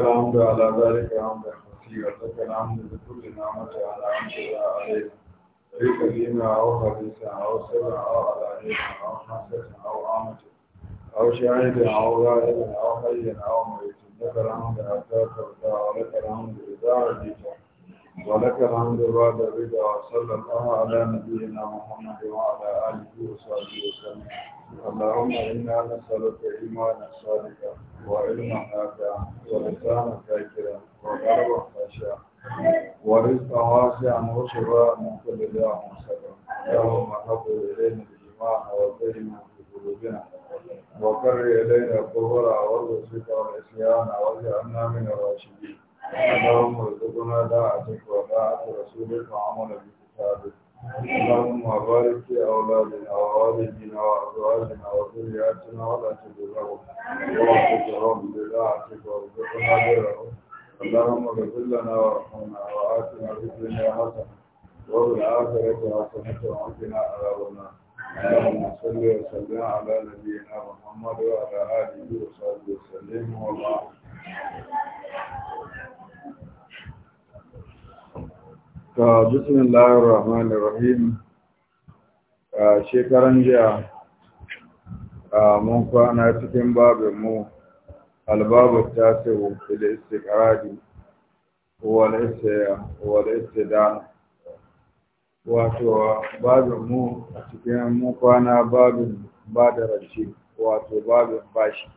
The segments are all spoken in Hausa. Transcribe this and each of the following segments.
الحمد على ذلك حمدا كثيرا لك الحمد بكل نعمة أنعمت بها علينا في قديمة أو حديثة أو سرع أو علانية أو حسنة أو عامة أو شاهد أو غائب أو حي أو ميت لك الحمد حتى ترضى ولك الحمد إذا رضيت ولك الحمد بعد الرضا وصلى الله على نبينا محمد وعلى اله وصحبه وسلم اللهم انا نسالك ايمانا صادقا وعلما نافعا ولسانا ذاكرا وقلبا خاشعا ورزقا واسعا وشفاء من كل داء وسقم اللهم حبب الينا الايمان وزينا في قلوبنا وكرر الينا الكفر والفسوق والعصيان واجعلنا من الراشدين اللهم ارزقنا داعتك وداعة رسولك وعمل بكتابك اللهم بارك في أولادنا ووالدنا وأزواجنا وذرياتنا ولا تدرهم ووفقهم بداعتك وارزقنا برهم اللهم اغفر لنا وارحمنا وآتنا في الدنيا حسنة وفي الآخرة حسنة وقنا عذاب النار اللهم صل وسلم على نبينا محمد وعلى آله وصحبه وسلم وبارك ta bismillahir rahmanir rahim a shekaran jiya a mun kwana cikin babin mu albabu tasiru fil istiqradi wal istiya wal wato babin mu a cikin mun kwana babin badarance wato babin bashi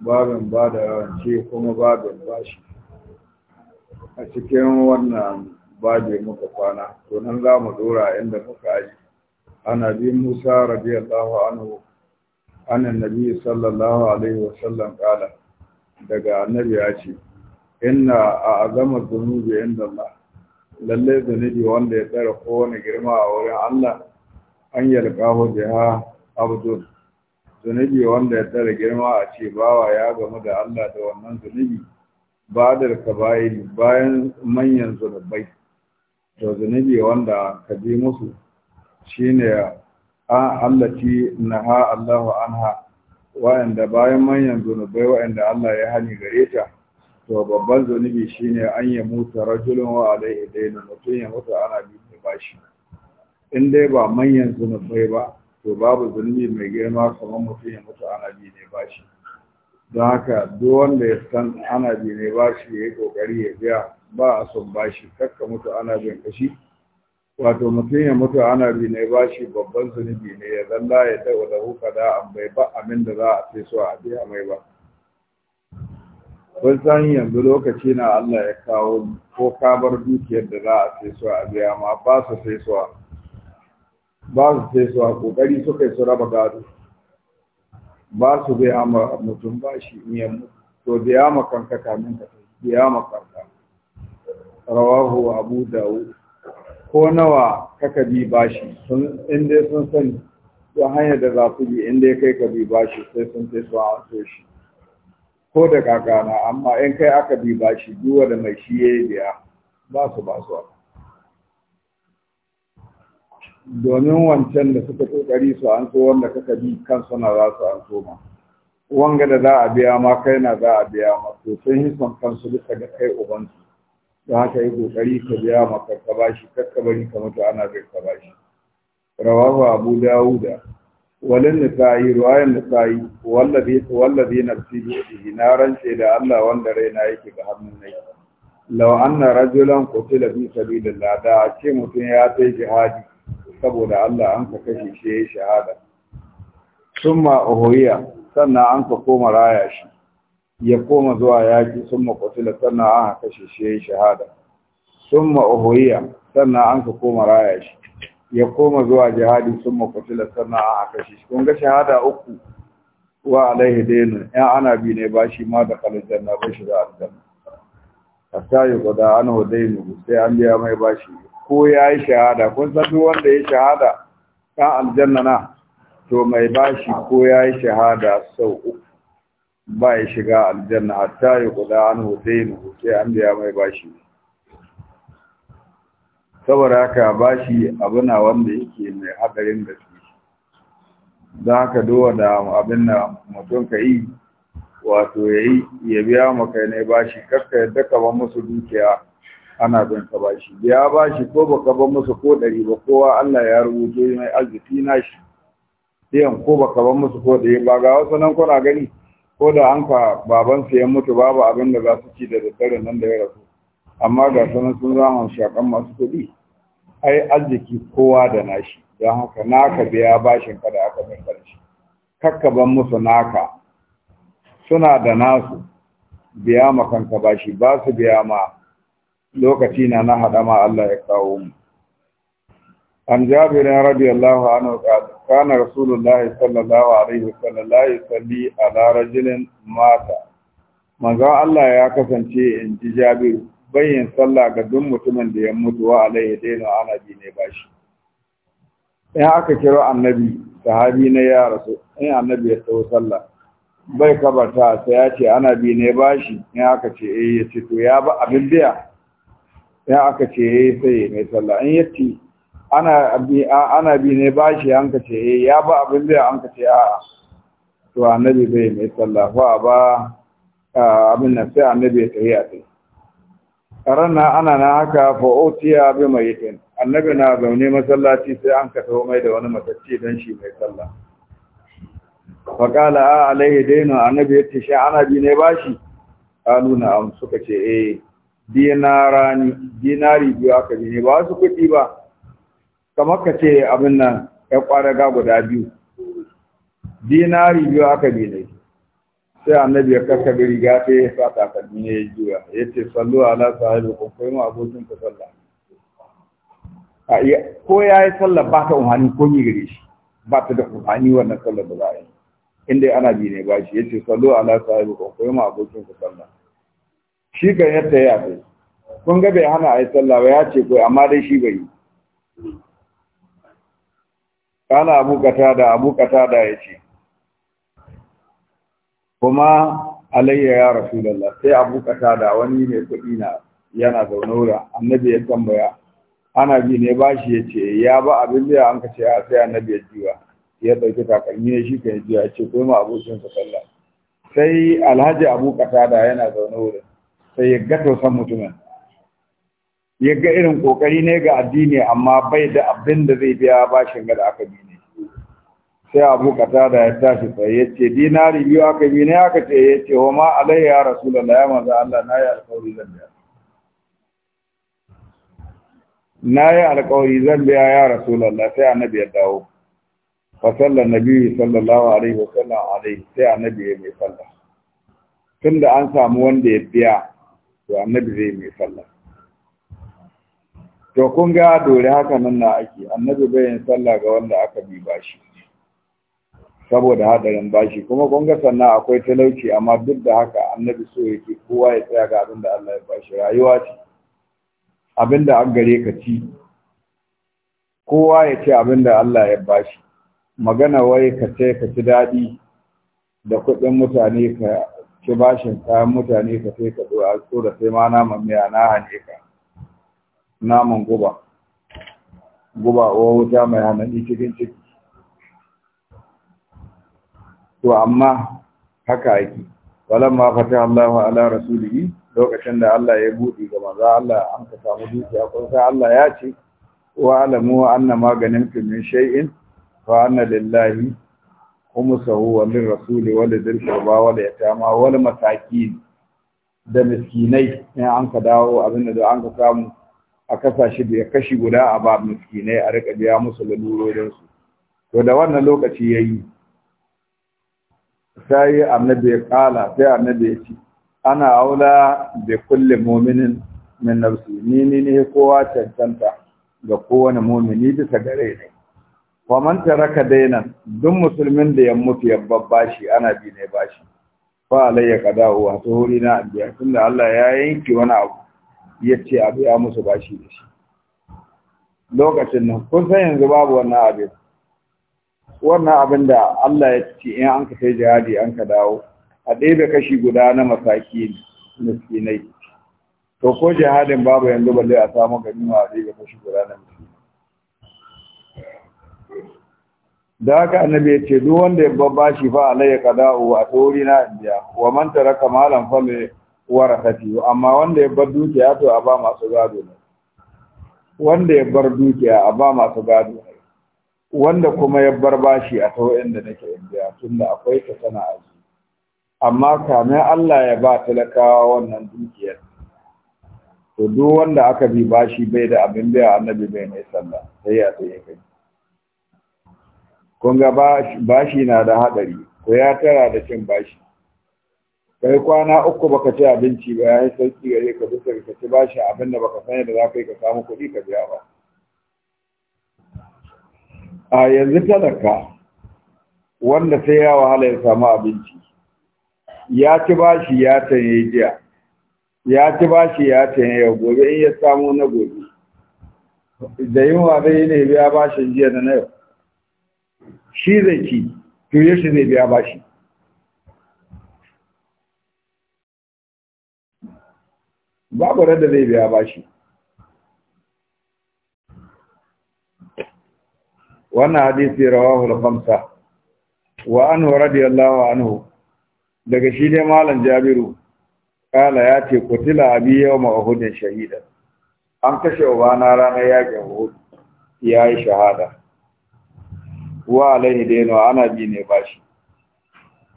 babin ba da rance kuma babin bashi a cikin wannan babi muka kwana to nan za mu dora inda muka yi ana bi musa radiyallahu anhu anan nabi sallallahu alaihi wasallam kala daga annabi ya ce inna a azamar zunubi inda Allah lalle zunubi wanda ya tsara kowane girma a wurin Allah an yalƙahu biha abdul zunubi wanda ya tsara girma a ce bawa ya gamu da Allah da wannan zunubi ba da kabayi bayan manyan zunubai to zunubi wanda ka bi musu shine a allati naha Allahu anha wa'anda bayan manyan zunubai wa'anda Allah ya hani gare ta to babban zunubi shine an yi mutu rajulun wa alaihi dainu mutum ya mutu ana bi bashi in dai ba manyan zunubai ba to babu zunubi mai girma kamar mutum ya mutu ana bi ne ba shi don haka duk wanda ya san ana bi ne ba shi ya yi kokari ya biya ba a son ba shi kakka mutu ana bin kashi wato mutum ya mutu ana bi ne ba shi babban zunubi ne ya zalla ya dawo da huka da an bai ba amin da za a ce so a biya mai ba kun san yanzu lokaci na Allah ya kawo ko ka dukiyar da za a sai so a biya ma ba su sai so ba su sai su a kokari suka yi su raba gado ba su bai ama mutum ba shi miyan to da ya kanka kamin ka da ya kanka rawahu abu dawo ko nawa kaka bi bashi sun inda sun sani ta hanyar da za su bi inda kai ka bi bashi sai sun sai su a shi ko da kakana amma in kai aka bi bashi duwa da mai shi ya yi biya ba su ba su domin wancan da suka kokari su an so wanda kaka bi kan na za su an so ma wanga da za a biya ma kai na za a biya ma to sun yi son kansu duka da kai ubansu don haka yi kokari ka biya ma karka bashi karka bari ka mutu ana zai ka shi rawahu abu dawuda walin nisa'i ruwayan nisa'i wallabi na nafsi na rance da Allah wanda raina yake ga hannun nai law na rajulan qutila bi sabilillah da ce mutum ya tai jihadi saboda Allah an ka kashe shi ya yi shahada summa uhuya sannan an ka koma raya shi ya koma zuwa yaki summa qutila sannan an ka kashe shi ya yi shahada summa uhuya sannan an ka koma raya shi ya koma zuwa jihadi summa qutila sannan an ka kashe shi kun ga shahada uku wa alaihi dainu 'Yan ana bi ne ba shi ma da kaljanna ba shi da aljanna hatta yi guda an hodainu sai an biya mai bashi ko ya yi shahada kun san duk wanda ya shahada kan aljanna na to mai bashi ko ya yi shahada sau uku ba ya shiga aljanna a ya guda an hussein sai an biya mai bashi saboda haka bashi abu na wanda yake mai hadarin gaske Za ka dowa da abin da mutum ka yi wato ya yi ya biya maka ne bashi karka yadda ka ba musu dukiya ana bin ka bashi ya bashi ko baka ban musu ko ɗari ba kowa Allah ya rubuto mai arziki na shi biyan ko baka ban musu ko ɗari ba ga wasu nan kuna gani ko da an ka baban su ya mutu babu abin da za su ci da daddare nan da ya rasu amma ga sanan sun zama shakan masu kuɗi ai arziki kowa da nashi don haka naka biya bashin ka da aka bin karshe kakka ban musu naka suna da nasu biya makanka bashi ba su biya ma lokaci na na hadama Allah ya kawo mu an jabir radiyallahu anhu kana rasulullah sallallahu alaihi wasallam la yusalli ala rajulin mata manzo Allah ya kasance in ji jabir bayin sallah ga duk mutumin da ya mutu wa alaihi ana anabi ne bashi in aka kiro annabi sahabi na ya rasu in annabi ya tawo sallah bai kabarta sai ya ce ana bi ne bashi in aka ce eh ya ce to ya ba abin biya ya aka ce yi eh, sai mai sallah in yatti ana bi ana bi ne bashi an ka ce eh, ya ba abin da an ka ce a'a to annabi bai mai sallah a ba abin nan sai annabi ya tafi a sai na ana na haka fa utiya bi mayitin annabi na zaune masallaci sai an ka taho mai da wani matacce don shi mai sallah faƙala a alaihi daina annabi ya ce shi ana bi ne ba shi ƙalu na suka ce eh dinarani dinari biyu aka bi ne ba su kuɗi ba kamar ka ce abin nan ya ga guda biyu dinari biyu aka bi ne sai annabi ya kasa da riga ta ya sa takalmi ne ya juya ya ce sallu ala sahibi ko kai mu abokin ka sallah ko ya yi sallah ba ta umarni ko ni gare shi ba ta da umarni wannan sallah da za a yi inda ana bi ne ba shi ya ce sallu ala sahibi ko kai mu abokin ka sallah shi kan yadda ya bai kun ga bai hana a yi sallah ba ya ce kai amma dai shi bai kana abu da abu da ya ce kuma alayya ya rasulallah sai abu da wani mai kuɗi na yana zaune wurin annabi ya tambaya ana bi ne ba shi ya ce ya ba abin da an ka ce a sai annabi ya jiwa ya ɗauki takalmi ne shi kan jiwa ya ce kai ma abokinsa sallah sai alhaji abu da yana zaune wurin sai ya ga san mutumin ya ga irin kokari ne ga addini amma bai da abin da zai biya bashin ga da aka bi ne sai abu kata da ya tashi sai ya ce dinari biyu aka bi ne aka ce ya ce wa ma alayya rasulullahi ya maza Allah na yi alƙawari zan biya na yi alƙawari zan biya ya rasulullahi sai annabi ya dawo fasalla nabi sallallahu alaihi sallam alaihi sai annabi ya mai sallah tunda an samu wanda ya biya to annabi zai mai sallah to kun ga dole haka nan na ake annabi bai yin sallah ga wanda aka bi bashi saboda hadarin bashi kuma kun ga sannan akwai talauci amma duk da haka annabi so yake kowa ya tsaya ga abin Allah ya bashi rayuwa ce abin an gare ka ci kowa ya ce abin Allah ya bashi magana wai ka ce ka ci daɗi da kuɗin mutane ka ci bashin kayan mutane ka sai ka a so da sai ma naman miya na hane ka naman guba guba wa wuta mai hanani cikin ciki to amma haka yake ma fata wa ala rasulihi lokacin da Allah ya buɗe ga manzo Allah an ka samu dukiya ko sai Allah ya ce wa alamu anna maganin min shay'in fa anna lillahi khumsahu wa min rasuli wa li dhil qurba wa li yatama wa li masakin da miskinai in an ka dawo abinda da an ka samu a kasashe da ya kashi guda a ba miskinai a rika biya musu lalurorin su to da wannan lokaci yayi sai annabi ya kala sai annabi ya ce ana aula da kulle muminin min nafsi ni ni ne kowa cancanta ga kowane mumini bisa gare ne wa man taraka dainan duk musulmin da ya mutu ya babbashi ana bi ne bashi fa alayya qada'u wa tuhuri na abiya tunda Allah ya yanki wani abu yace abu ya musu bashi da shi lokacin nan kun san yanzu babu wannan abin wannan abin da Allah ya ce in an ka sai jihadi an ka dawo a ɗebe kashi guda na masaki miskinai to ko jihadin babu yanzu balle a samu ma a ɗebe kashi guda na miskinai da haka annabi ya ce duk wanda ya babba shi fa alayya qada'u a tori na indiya wa man taraka malan fa li warasati amma wanda ya bar dukiya to a ba masu gado ne wanda ya bar dukiya a ba masu gado ne wanda kuma ya bar bashi a tawo inda nake indiya tunda akwai ta sana aji amma kamin Allah ya ba talakawa wannan dukiyar to duk wanda aka bi bashi bai da abin biya annabi bai ne sallah sai ya ya kai Kunga bashi na da haɗari ko ya tara da cin bashi kai kwana uku baka ci abinci ba ya sarki gare ka bisa ka ci bashi abin da baka sani da za ka yi ka samu kuɗi ka biya ba a yanzu talaka wanda sai ya wahala ya samu abinci ya ci bashi ya tanye jiya ya ci bashi ya tanye yau gobe in ya samu na gobe da yunwa zai ne biya bashin jiya na yau shi zai ci to yashi zai biya bashi babu rada zai biya bashi wannan hadisi al khamsa wa anhu radiyallahu anhu daga shi dai malam jabiru kala ya ce kutila abi yau uhudin shahida. an kashe ubana ranar yakin Ya yi shahada wa alaihi daino ana bi ne bashi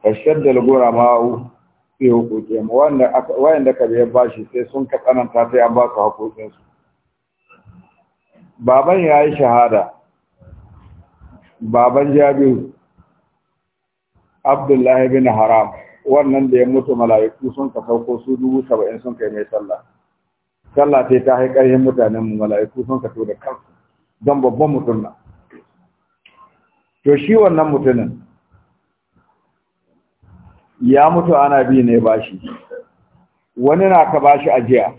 fashaddal gura ma'u fi hukuki amma wanda wanda ka biya bashi sai sun ka tsananta sai an ba su hukukin su baban yi shahada baban Jabiru Abdullahi bin Haram wannan da ya mutu mala'iku sun ka sauko su dubu saba'in sun kai mai sallah sallah ta yi ta haƙarhin mutanen mala'iku sun ka to da kansu don babban mutum na to shi wannan mutumin ya mutu ana bi ne bashi wani na ka bashi ajiya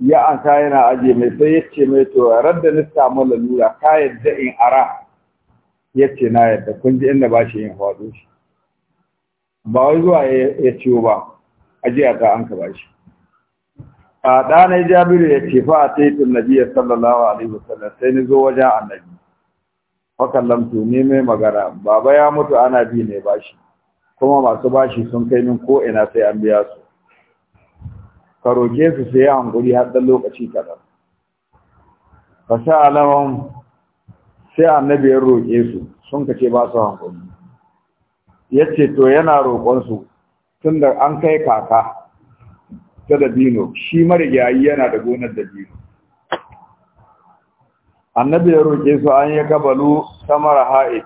ya an yana aje mai sai ya ce mai to radda na samu lalura ka yadda in ara ya ce na yadda kun ji inda bashi yin faɗo shi ba wai zuwa ya ciwo ba ajiya ta an ka bashi a ɗanai jabiru ya ce fa a taitun nabiya sallallahu alaihi wasallam sai ni zo wajen annabi fakallamtu ni mai magana baba ya mutu ana bi ne bashi kuma masu bashi sun kai min ko ina sai an biya su ka roke su sai ya hankuri har da lokaci kaɗan fa alaman sai annabi ya roke su sun kace ba su hankuri yace to yana roƙon su tunda an kai kaka ta dabino shi marigayi yana da gonar dabino annabi ya roƙe su an ya kabalu samar ha'id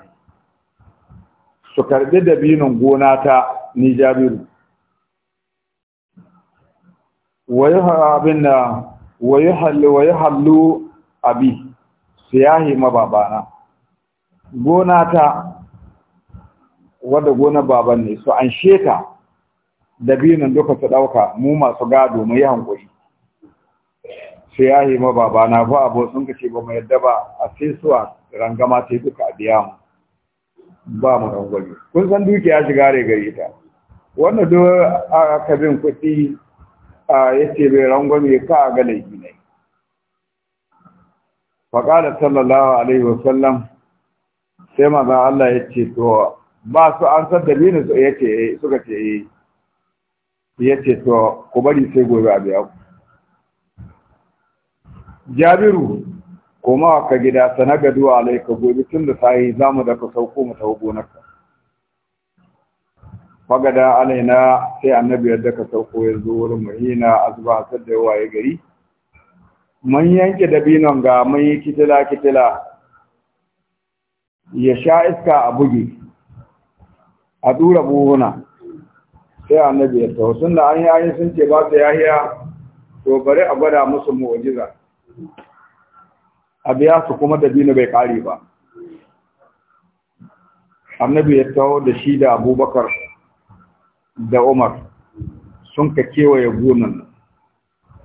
su karɓi dabinin gona ta ni jabiru wayi wayi hallu wayi abi su yahi mababana gona ta wadda gona baban ne su an sheka dabinin duka su ɗauka mu masu gado mu yi hankuri ya yi ma ba na ba abu sun kace ba mu yadda ba a sai suwa rangama sai duka a biya mu ba mu rangwani kun san dukiya shiga gare gare ta wannan do a bin kuɗi a yace bai rangwani ka a ga laifi ne faƙalar sallallahu alaihi wasallam sai maza Allah ya ce to ba su an san da su ya ce suka ce eh, ya ce to ku bari sai gobe a biya ku jabiru koma ka gida sana gado ka gobe tun da sai za mu da ka sauko mu tawo gonarka fagada alaina sai annabi yadda ka sauko ya zo wurin mahina hina azba sad da waye gari man yanke binon ga mai yi kitila kitila ya sha iska a buge a dura buhuna sai annabi ya tawo sun da an yi sun ce ba su yahiya to bari a gwada musu mu'jiza a biya su kuma da dina bai kare ba annabi ya taho da shi da abubakar da umar sun ka kewaye gonan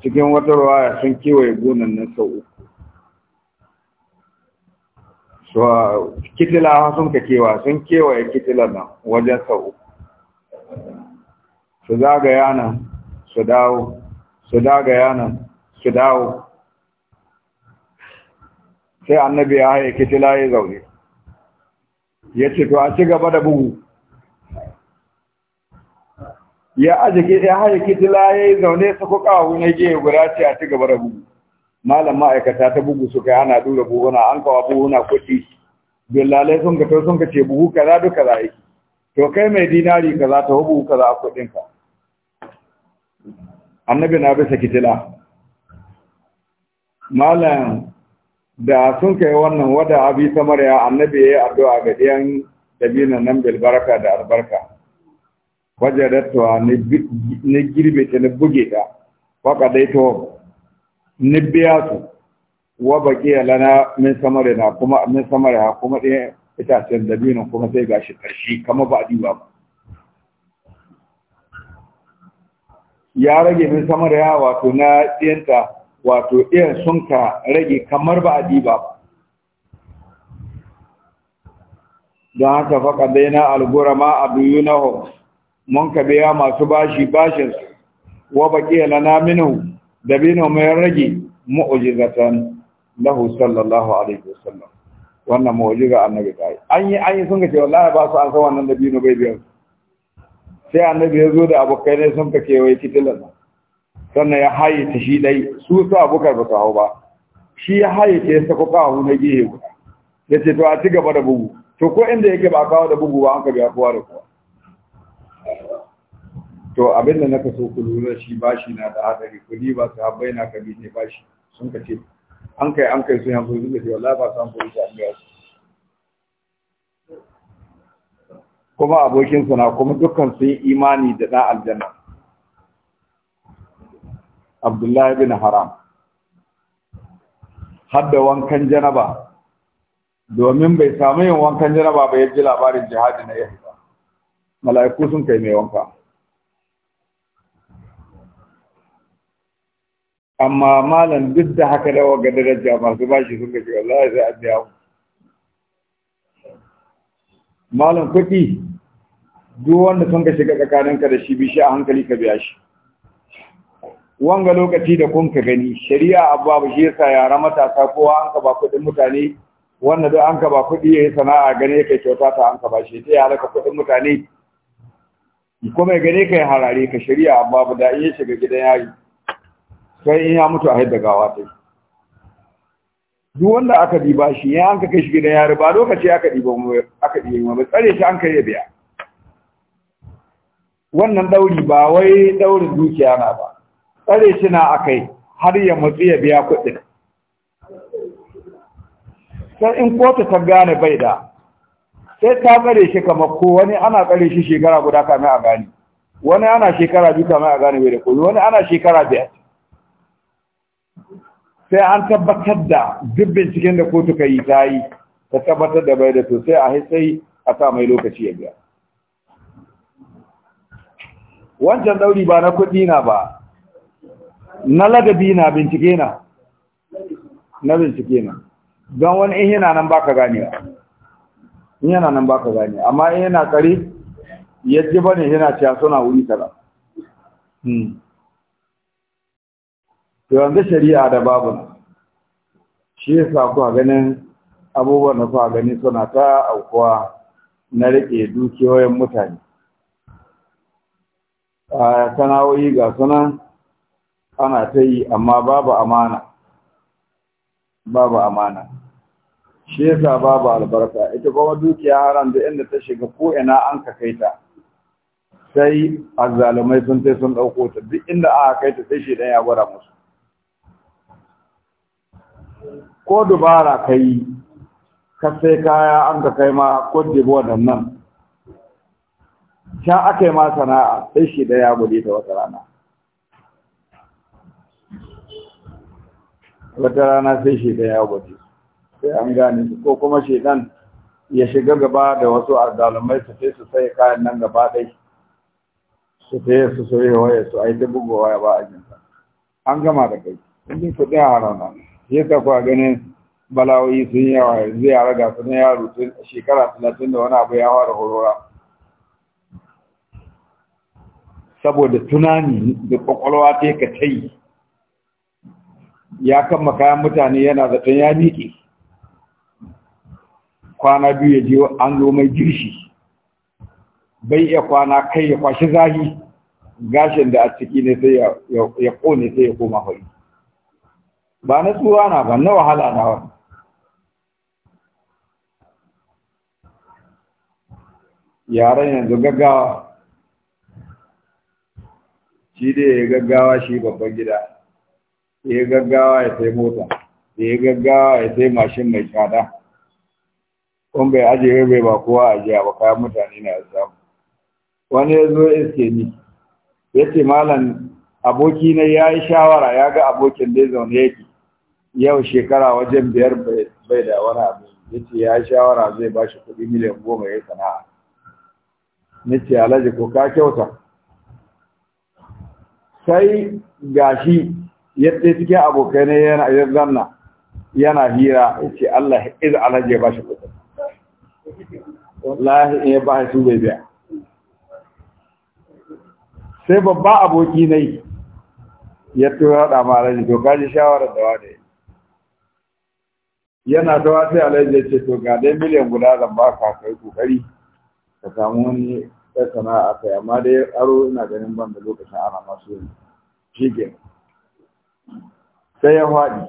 cikin wata ruwaya sun kewaye gonan nan sau uku so kitila sun ka kewa sun kewaye kitila nan wajen sau uku su zagaya nan su dawo su zagaya nan su dawo sai annabi ya haye kitila ya zaune ya ce to a ci gaba da bugu ya aje ya haye kitila ya zaune su kuka wani gehe guda ce a ci gaba da bugu malam ma'aikata ta bugu suka yana ana dura buhuna an kawo buhuna kuɗi billalai sun ka to sun ka ce buhu kaza duka za yi to kai mai dinari kaza ta buhu kaza a kuɗinka annabi na bisa kitila malam da sun kai wannan wada abi samariya annabi ya yi addu'a ga ɗiyan dabinan nan bilbarka da albarka wajen dattuwa na girbe ta na buge ta waka dai to na biya su wa baki lana min na kuma min ha kuma ɗaya itacen dabinan kuma sai gashi ƙarshe kama ba a ba ya rage min ha wato na ɗiyanta wato iya sun ka rage kamar ba a diba ba don haka faƙa daina algura ma a biyu na mun ka biya masu bashi su wa ƙiya na naminu da binu mai rage mu'ujizatan lahu sallallahu alaihi wasallam wannan mu'ujiza annabi ta yi an yi an yi sun ka ce wallahi ba su an san wannan da binu bai biyan sai annabi ya zo da abokai ne sun ka kewaye kitilan sannan ya haye ta shi dai su su abokar ba su hau ba shi ya haye ta ya sako kawo na gihe guda ya ce to a ci gaba da bugu to ko inda yake ba kawo da bugu ba an ka biya kowa da kowa to abin da naka so ku lura shi bashi na da hadari ku ba su habbai na ka ne bashi sun ka ce an kai an kai sun yanzu zuwa da wallahi ba san shi an biya su kuma abokinsa na kuma dukkan sun yi imani da na aljanna abdullahi bin haram hadda wankan janaba domin bai samu yin wankan janaba ba ya ji labarin jihadi na ba mala'iku sun kai mai wanka amma malam duk da haka dawa ga daraja masu bashi sun gaji wallahi sai an biya malam kuɗi duk wanda sun ka shiga tsakaninka da shi bishi a hankali ka biya shi wanga lokaci da kun ka gani shari'a abu babu shi yasa yara matasa kowa an ka ba kuɗin mutane wannan duk an ka ba kuɗi yayi sana'a gane kai kyauta ta an ka ba shi sai ka kuɗin mutane ko mai gane kai harare ka shari'a abu babu, da in ya shiga gidan yari sai in ya mutu a haidda gawa ta duk wanda aka diba shi ya an ka kai shi gidan yari ba lokaci aka diba mu aka diba mu tsare shi an kai ya biya wannan dauri ba wai daurin dukiya na ba tsare shi na kai har ya matsi ya biya kuɗin sai in kotu ta gane bai da sai ta tsare shi kamar ko wani ana tsare shi shekara guda kamar a gane wani ana shekara biyu kamar a gane bai da komi wani ana shekara biyar sai an tabbatar da duk binciken da kotu ka yi ta yi ta tabbatar da bai da to sai a haisai a sa mai lokaci ya biya wancan ɗauri ba na kuɗi na ba na ladabi na bincike na na bincike na don wani in yana nan baka gane in yana nan baka gane amma in yana kare yaji bane yana cewa suna wuri kaza hmm. to yanzu shari'a da babu shi yasa kuwa ganin abubuwan da kuwa gani suna ta aukuwa na rike dukiyoyin mutane a sana'o'i ga sunan ana ta yi amma babu amana babu amana shi yasa babu albarka ita kuma dukiya haram da inda ta shiga ko ina an ka kai ta sai azzalumai sun tai sun dauko ta duk inda aka kai ta sai shi dan ya gwada musu ko dubara kai ka sai kaya an ka kai ma ko dibo nan sha akai ma sana'a sai shi da ya gude ta wata rana wata rana sai shaidan ya gwaje sai an gane su ko kuma shaidan ya shiga gaba da wasu azzalumai su sai su sai kayan nan gaba ɗai su sai su sai waya su ai ta bugu ba a jinsa an gama da kai in dai kuɗi a rana ya ta kuwa ganin balawoyi sun yawa yanzu ya raga su na yaro tun shekara talatin da wani abu ya fara horora saboda tunani da kwakwalwa ta ka ta yi ya kama kayan mutane yana zaton ya miƙe kwana biyu ya je an zo mai girshi bai iya kwana kai ya kwashi zahi gashin da a ciki ne sai ya kone sai ya koma hori ba na tsuwa na ba na wahala na wani yaren yanzu gaggawa shi dai ya gaggawa shi babban gida ya gaggawa ya sai mota ya gaggawa ya sai mashin mai tsada kun bai ajiye bai ba kowa ajiya ba kayan mutane na samu wani ya zo iske ni ya ce malam aboki na ya yi shawara ya ga abokin da ya zaune yake yau shekara wajen biyar bai da wani abu ya ce ya yi shawara zai ba shi kuɗi miliyan goma ya sana'a na ce alhaji ko ka kyauta sai gashi yadda cikin abokai ne yana ya zanna yana hira yace Allah iza alhaji ya bashi kuɗi wallahi in ya ba su bai biya sai babba aboki na yi ya tura da malaji to kaji shawara da ya. yana dawa sai alhaji ya ce to ga dai miliyan guda zan ba ka kai kokari ka samu wani sana'a kai amma dai aro ina ganin ban da lokacin ana masu yanzu shi sai ya faɗi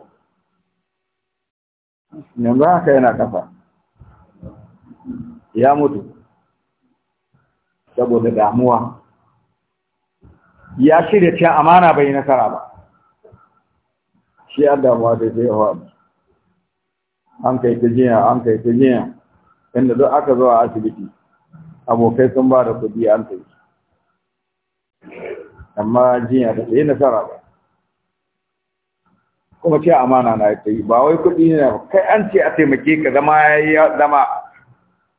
yanzu haka yana kafa ya mutu saboda damuwa ya shirya cewa amana bai nasara ba shi an damuwa da zai hawa an kai ta jiya an kai ta jiya inda duk aka zuwa asibiti abokai sun ba da kudi an kai amma jiya da sai nasara ba kuma ce amana na ya yi ba wai kuɗi ne kai an ce a taimake ka zama ya yi zama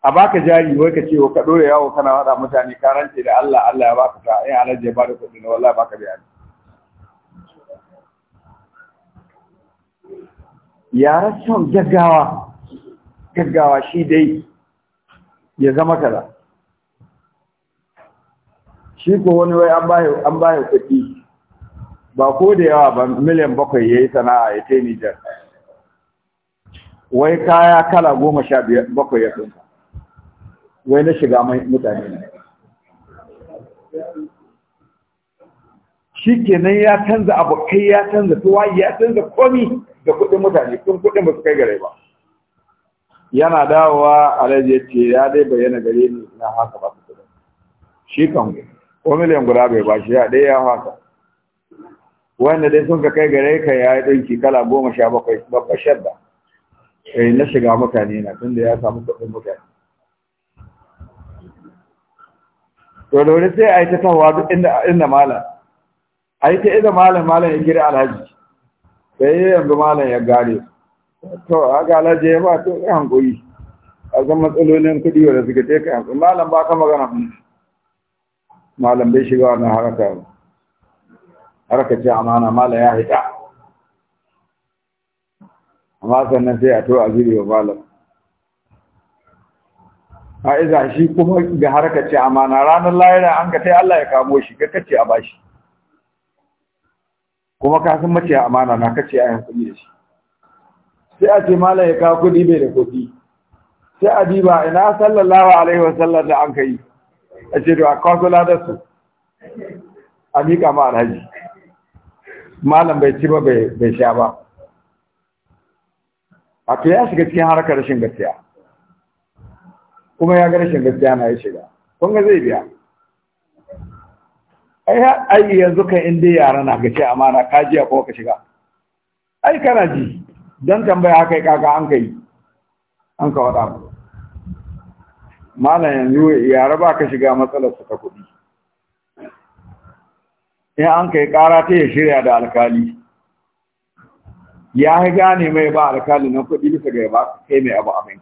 a baka jari wai ka ce wa ka ɗora yawo kana haɗa mutane Karan ce da Allah Allah ya baka ta in alaji ba da kuɗi na wallahi baka biya yara son gaggawa gaggawa shi dai ya zama kaza shi ko wani wai an baya kuɗi ba ko da yawa ba miliyan bakwai ya yi sana'a ya taimi jar. Wai kaya kala goma sha bakwai ya tsunka, wai na shiga mutane ne. Shi kenan ya canza abokai ya canza tuwa ya canza komi da kuɗin mutane, tun kuɗin ba su kai gare ba. Yana dawowa alhaji ya ce ya dai bayyana gare ni na haka ba su kuɗin. Shi kan ko miliyan guda bai ba shi ya ɗaya ya haka. wanda dai sun ka kai gare ka ya yi ɗinki kala goma sha bakwai bakwai shadda eh na shiga mutane na tunda ya samu kuɗin mutane to dole sai a yi ta tawa duk inda malam a yi ta inda malam malam ya kira alhaji sai yanzu malam ya gare to ga alhaji ya ba to ya hankuri a zan matsalolin kuɗi wanda suka teka yanzu. malam ba ka magana malam bai shiga wannan harakar har ka ce amana mala ya hita amma sannan sai a to a zuri wa malam a iza shi kuma ga har ka ce amana ranar layarar an ka tai Allah ya kamo shi ka kace a bashi kuma ka san mace amana na kace a yan kuɗi da shi sai a ce mala ya kawo kuɗi bai da kuɗi sai a diba ina sallallahu alaihi wa sallam da an yi a ce to a kawo su ladar su a miƙa ma alhaji malam bai ci ba bai sha ba a to ya shiga cikin harkar rashin gaskiya kuma ya ga rashin gaskiya na ya shiga kun ga zai biya ai ai yanzu kan in dai yara na gace amana ka jiya ko ka shiga ai kana ji dan tambaya haka kaga an kai an ka wada malam yanzu yara ba ka shiga matsalar su ta kuɗi in an kai ƙara ta ya shirya da alkali ya yi gane mai ba alkali na kuɗi bisa ga ba kai mai abu abin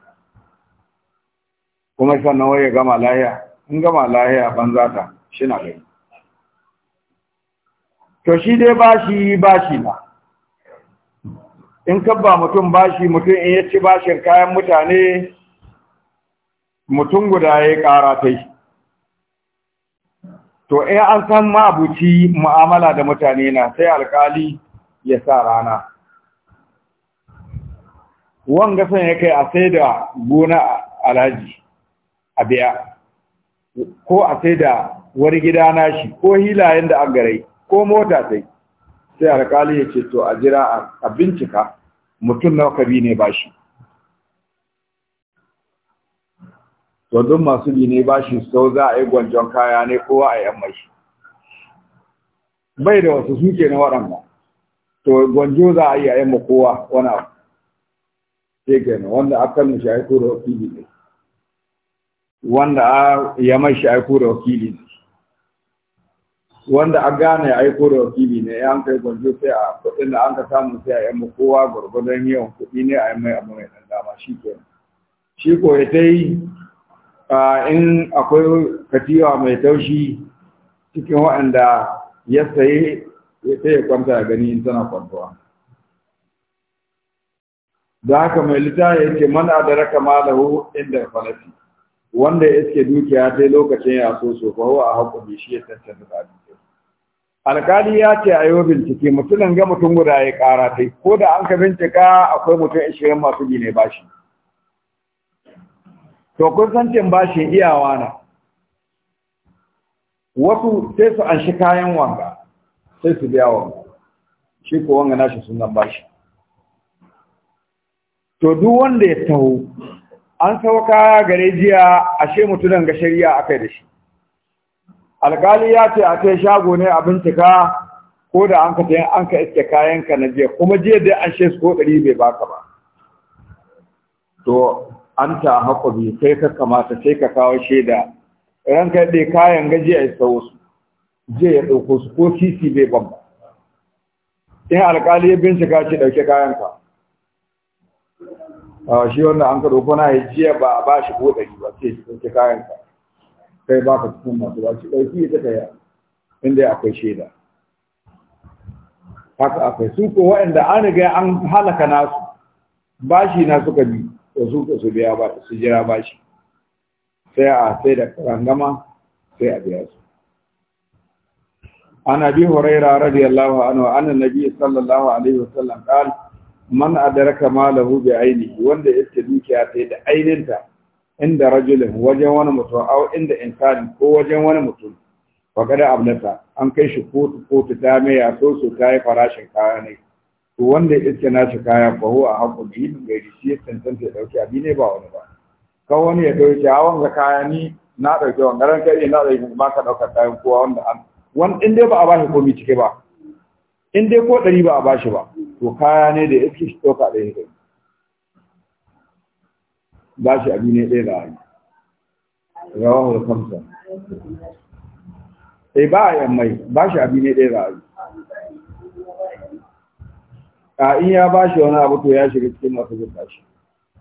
kuma sannan wai ya gama lahiya in gama lahiya banza ta shi na gani. to shi dai bashi bashi na in kabba mutum bashi mutum in ya ci bashin kayan mutane mutum guda ya yi ƙara ta yi to eh an san ma'abuci mu'amala da mutane na sai alkali ya sa rana wanga san ya kai a sai da gona alhaji a biya ko a sai da wani gida nashi ko hilayen da agarai ko mota sai sai alkali ya ce to a jira a bincika mutum na kabi ne ba shi to duk masu bi ne ba shi sau za a yi gwanjon kaya ne kowa a yan mai bai da wasu suke na waɗanda to gwanjo za a yi a yamma kowa wani abu sai gani wanda aka kan shi aiko da wakili ne wanda a ya mai shi aiko da wakili ne wanda a gane aiko da wakili ne ya hankali gwanjo sai a kuɗin da an ka samu sai a yamma kowa gwargwadon yawan kuɗi ne a yi mai abu mai dandama, dama shi kenan shi ko ya ta yi in akwai katiwa mai taushi cikin waɗanda ya saye sai ya kwanta a gani in tana kwantowa. da haka mai littafi ya ce mana da raka malahu inda falafi wanda ya iske dukiya ta lokacin ya so so ko a hakuri shi ya tantance da alkali ya ce a yau bincike mutumin ga mutum guda ya kara ta, ko da an ka bincika akwai mutum ishirin masu gine bashi to kun san cin bashi iyawa na wasu sai su an shi kayan wanga sai su biya wanga shi ko wanga nashi sunan bashi to duk wanda ya taho an kaya gare jiya ashe mutunan ga shari'a akai da shi alkali ya ce a kai shago ne a bincika ko da an ka ta an ka iske ka na jiya kuma jiya dai an shi ko ɗari bai baka ba to an ta haƙo bi kai ka kamata sai ka kawo shaida ran ka dai kayan gaji a isa su je ya ɗauko su ko titi bai ban ba in alƙali ya bincika shi ɗauke kayan ka a shi wanda an ka ɗauko na ya jiya ba a bashi ko ɗari ba sai ɗauke kayan ka kai ba ka cikin masu ba shi ɗauki ita ta yi inda akwai shaida haka akwai su ko waɗanda an riga an halaka nasu bashi na suka bi to su ka su biya ba su jira ba shi sai a sai da karangama sai a biya su عن ابي هريره Radiyallahu anhu عنه عن النبي صلى الله عليه man قال من ادرك ماله بعينه wanda yake dukiya ta da aininta inda rajulin wajen wani mutum au inda insani ko wajen wani mutum kada abnata an kai shi kotu kotu ta mai ya so su kai farashin kaya ne to wanda ya iske nashi kaya fa huwa haqqu yi min gairi shi ya tantance ɗauki abi ne ba wani ba kan wani ya ɗauki a ah, wanga kaya ni na wa wangaran kai na ɗauki, ba ka ɗaukar kayan kowa wanda an wani in dai ba a bashi komi cike ba in dai ko ɗari ba a bashi ba to kaya ne da iske shi ɗauka ɗaya ɗaya ba shi abi ne ɗaya da ayi rawahu da khamsa eh ba a yammai ba shi abi ne ɗaya da ayi a in ya ba shi wani abu to ya shiga cikin masu zuba shi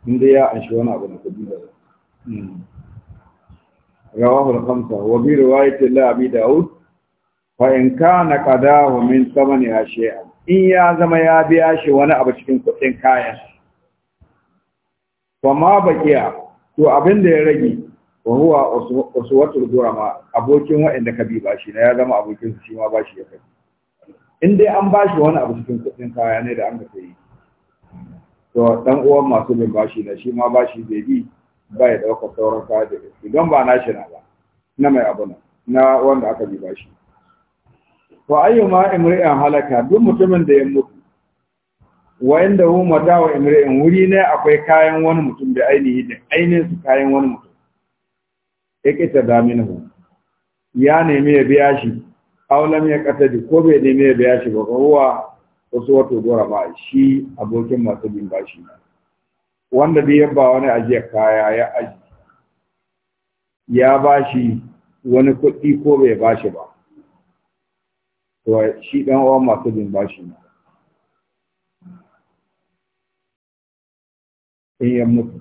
inda ya an shi wani abu da kudi da hmm. rawahu al-khamsa wa bi riwayati la abi daud fa in kana qadahu min thamani ashiya'an in ya zama ya biya shi wani abu cikin kudin kayan fa ma bakiya to abin da ya rage wa huwa uswatul gurama abokin wa'anda ka bi bashi na ya zama abokin shi ma bashi ya kai in dai an bashi wani abu cikin kudin kaya ne da an ka sayi to dan uwan masu bin bashi na shi ma bashi bai bi ba ya ɗaukar sauran kaya da gaske don ba na shi na ba na mai abu na na wanda aka bi bashi wa ayyuma imri'an halaka duk mutumin da ya mutu wa inda hu mata wa imri'in wuri ne akwai kayan wani mutum da ainihi da ainihin su kayan wani mutum ya kita ya nemi ya biya shi aw lam yaqtadi ko bai neme ya biya shi ba ruwa wasu wato gora ba shi abokin masu bin bashi wanda bai yabba wani ajiya kaya ya aji ya bashi wani kuɗi ko bai bashi ba to shi ɗan uwan masu bin bashi ne in ya mutu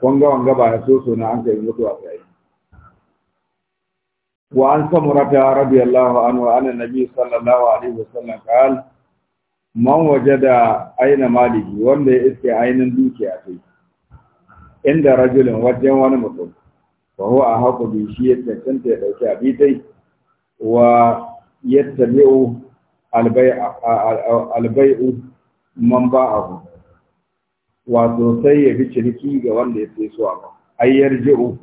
wanga wanga ba ya so so na an kai mutuwa sai وعن سمرة رضي الله عنه عن النبي صلى الله عليه وسلم قال man wajada aina maliki wanda ya iske ainin dukiya ce inda rajulin wajen wani mutum fa a haku bi shi ya cancanta ya dauki abitai wa ya tabi'u albai'u man ba'ahu wato sai ya fi ciniki ga wanda ya sai su abu ai yarji'u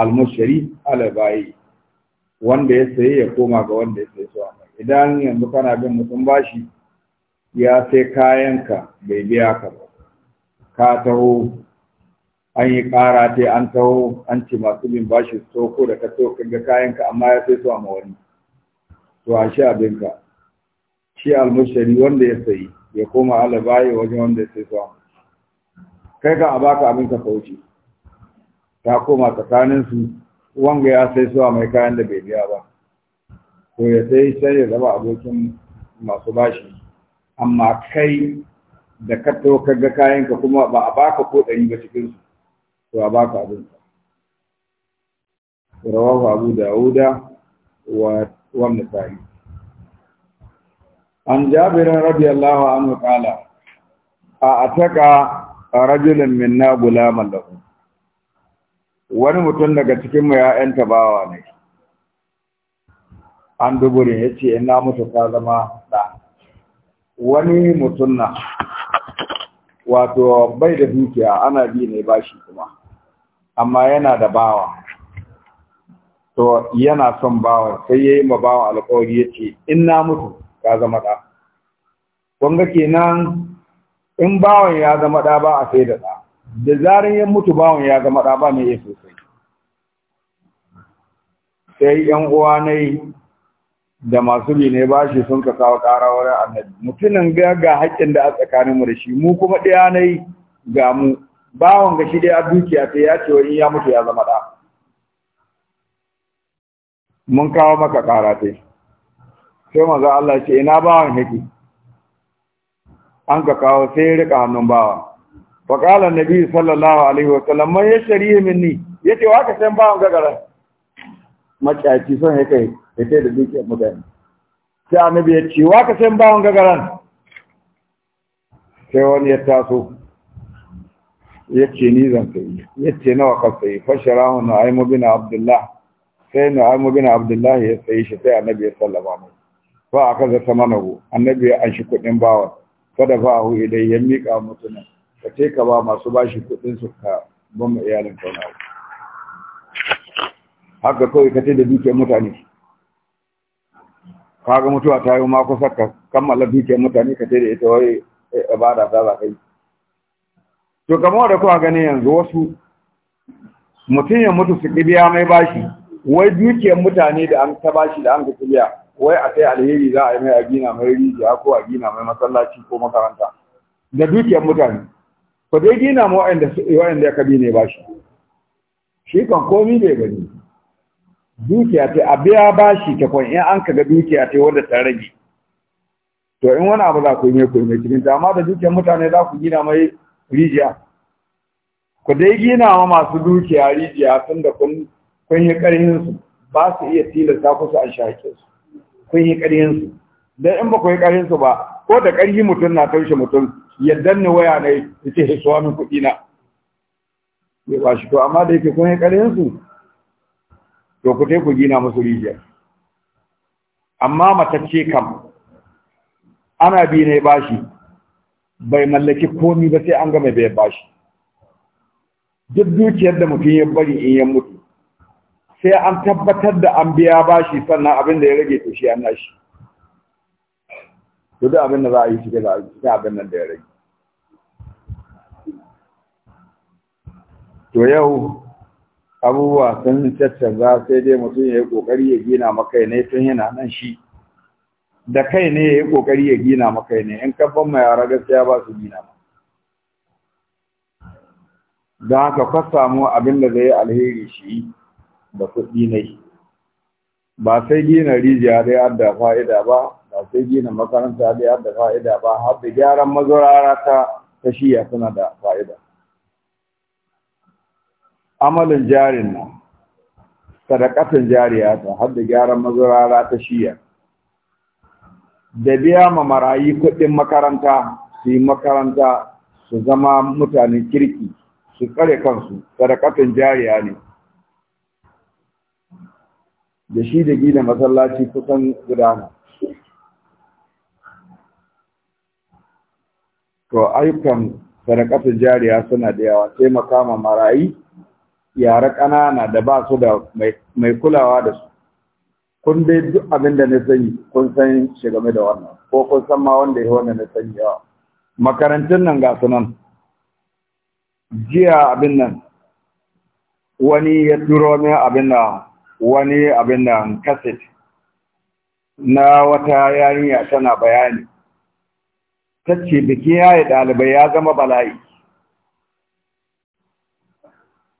almushari alabai wanda ya sayi ya koma ga wanda ya sayi su idan yanzu kana bin mutum bashi ya sai kayanka bai biya ka ba ka taho an yi ƙara ta an taho an ce masu bin bashi soko da ka so ka ga kayanka amma ya sai su a mawani to a shi abinka shi almushari wanda ya sayi ya koma alabaye wajen wanda ya sai su a kai ka a baka abinka ka wuce ta koma tsakaninsu wanga ya sai suwa mai kayan da bai biya ba to ya sai sai ya zama abokin masu bashi amma kai da ka to ka ga kayan ka kuma ba a baka ko ɗari ba cikin su to a baka abin ka. rawahu abu dauda wa wa nasai an jabir radiyallahu anhu qala a ataka rajulan minna gulaman lahu wani mutum daga cikin mu ya'yan tabawa ne an dubure ya ce ina mutu ta zama da wani mutum na wato bai da dukiya ana bi ne bashi kuma amma yana da bawa to yana son bawa sai ya yi ma bawa alkawari ya ce ina mutu ta zama da kun ga kenan in bawan ya zama da ba a sai da ɗa. da zarin ya mutu bawon ya zama ɗa ba mai iya sosai sai yan uwa ne da masu bi ne bashi sun ka wa ƙara wurin annabi mutumin ga ga haƙƙin da a tsakanin mu da shi mu kuma ɗaya ne ga mu bawon ga shi dai a dukiya sai ya ce in ya mutu ya zama ɗa mun kawo maka ƙara sai sai maza Allah ce ina bawon haƙi an ka kawo sai ya riƙa hannun bawon wa qala sallallahu alaihi wa sallam min ni? minni ce wa ka san bawon gagara maciyaci son ya kai ya kai da dukiyar mutane sai annabi ya ce wa ka san bawon gagaran sai wani ya taso ya ce ni zan sayi ya ce nawa ka sayi fashara na aimu bin abdullah sai na aimu bin abdullah ya sayi shi sai annabi ya sallama Ba fa aka zata manahu annabi ya shi kuɗin bawan fa da fa'ahu idai ya miƙa mutunan ka ce ka ba masu bashi kudin su ka ban ma iyalin kauna wani haka kawai ka ce da dukiyar mutane ka ga mutuwa ta yi ma saka kammala dukiyar mutane ka ce da ita wai eh, ibada ta za ka yi to kama da kuwa gani yanzu wasu mutum ya mutu su kibiya mai bashi wai dukiyar mutane da an ta bashi da an ka kibiya wai a sai alheri za a yi mai a gina mai rijiya ko a gina mai masallaci ko makaranta da dukiyar mutane ku dai gina mu wa'anda wa'anda ya kabi ne ba shi shi kan komi bai gani dukiya ta abiya ba shi ta kwan in an ga dukiya ta wanda ta rage to in wani abu za ku yi mai ku yi mai cikin ta amma da dukiyar mutane za ku gina mai rijiya ku dai gina ma masu dukiya rijiya sun da kun kun yi ƙarhin su ba su iya tilasta ku su an shaƙe su kun yi ƙarhin su dan in ba ku yi ƙarhin su ba ko da ƙarhi mutum na taushe mutum ya ni waya ne ya ce min kuɗi na ya ba shi to amma da yake kun yi ƙarhinsu to ku ku gina musu rijiyar amma matacce kam ana bi ne bashi bai mallaki komi ba sai an gama bai bashi duk dukiyar da mutum ya bari in ya mutu sai an tabbatar da an biya bashi sannan abin da ya rage to shi an nashi duk abin da za a yi shi da abin nan da ya rage to yau abubuwa sun za sai dai mutum ya yi ƙoƙari ya gina makai ne tun yana nan shi da kai ne ya yi ƙoƙari ya gina makai ne in kabban mai yara gaskiya ba su gina ba da haka kwa samu abin da zai yi alheri shi da kuɗi ne ba sai gina rijiya dai har da fa'ida ba ba sai gina makaranta dai har da fa'ida ba har da gyaran mazurara ta ta shiya suna da fa'ida amalin jarin nan, sadakatan jariya ta har gyaran mazurara ta shiya da biya ma marayi kuɗin makaranta su yi makaranta su zama mutanen kirki su tsare kansu sadakatan jariya ne da shi da gina masallaci kusan gudana to ayyukan sadakatan jariya suna da yawa taimaka ma marayi yara ƙanana da ba su da mai kulawa da su kun dai duk abin da na sani kun san shi da wannan ko kun san ma wanda ya wanda na sani yawa makarantun nan ga sunan jiya abin nan wani ya turo min abin nan wani abin nan kaset na wata yarinya tana bayani ta ce bikin yaye ɗalibai ya zama bala'i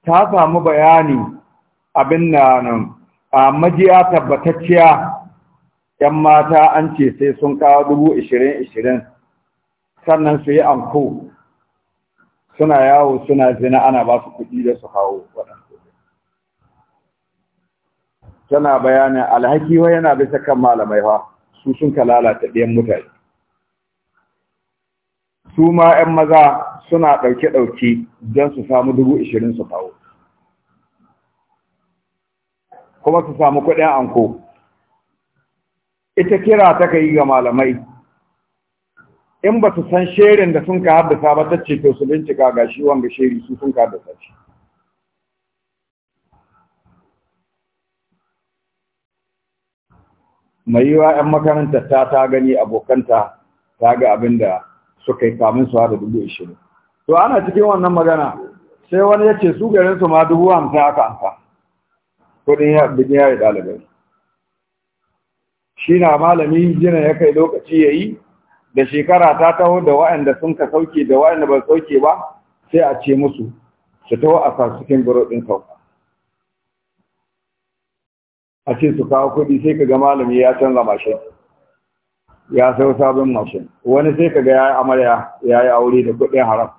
ta samu bayani abin na nan a majiya tabbatacciya ‘yan mata an ce sai sun kawo dubu ishirin ishirin sannan su yi anko suna yawo suna zina ana ba su kuɗi da su kawo waɗansu tana bayanin alhaki wa yana bisa kan malamai fa su sun ka lalata ɗayan mutane su ma ‘yan maza suna ɗauke-ɗauke don su samu dubu ishirin su kawo kuma su samu kuɗin anko ita kira ta ka yi ga malamai in ba su san sherin da sun ka haddasa ba ta ce to su bincika ga shi wanga sheri su sun ka haddasa shi mai yiwa 'yan makarantar ta ta gani abokanta ta ga abin da suka yi kamun su da dubu ishirin to ana cikin wannan magana sai wani ya ce su garin su ma dubu hamsin aka amsa kudin ya yi ɗalibai shi na malami jina ya kai lokaci ya yi da shekara ta taho da wa'anda sun ka sauke da wa'anda ba sauke ba sai a ce musu su taho a sa cikin burodin sauka a ce su kawo kuɗi sai ka ga malami ya canza mashin ya sau sabon mashin wani sai ka ga ya amarya ya yi aure da kuɗin haram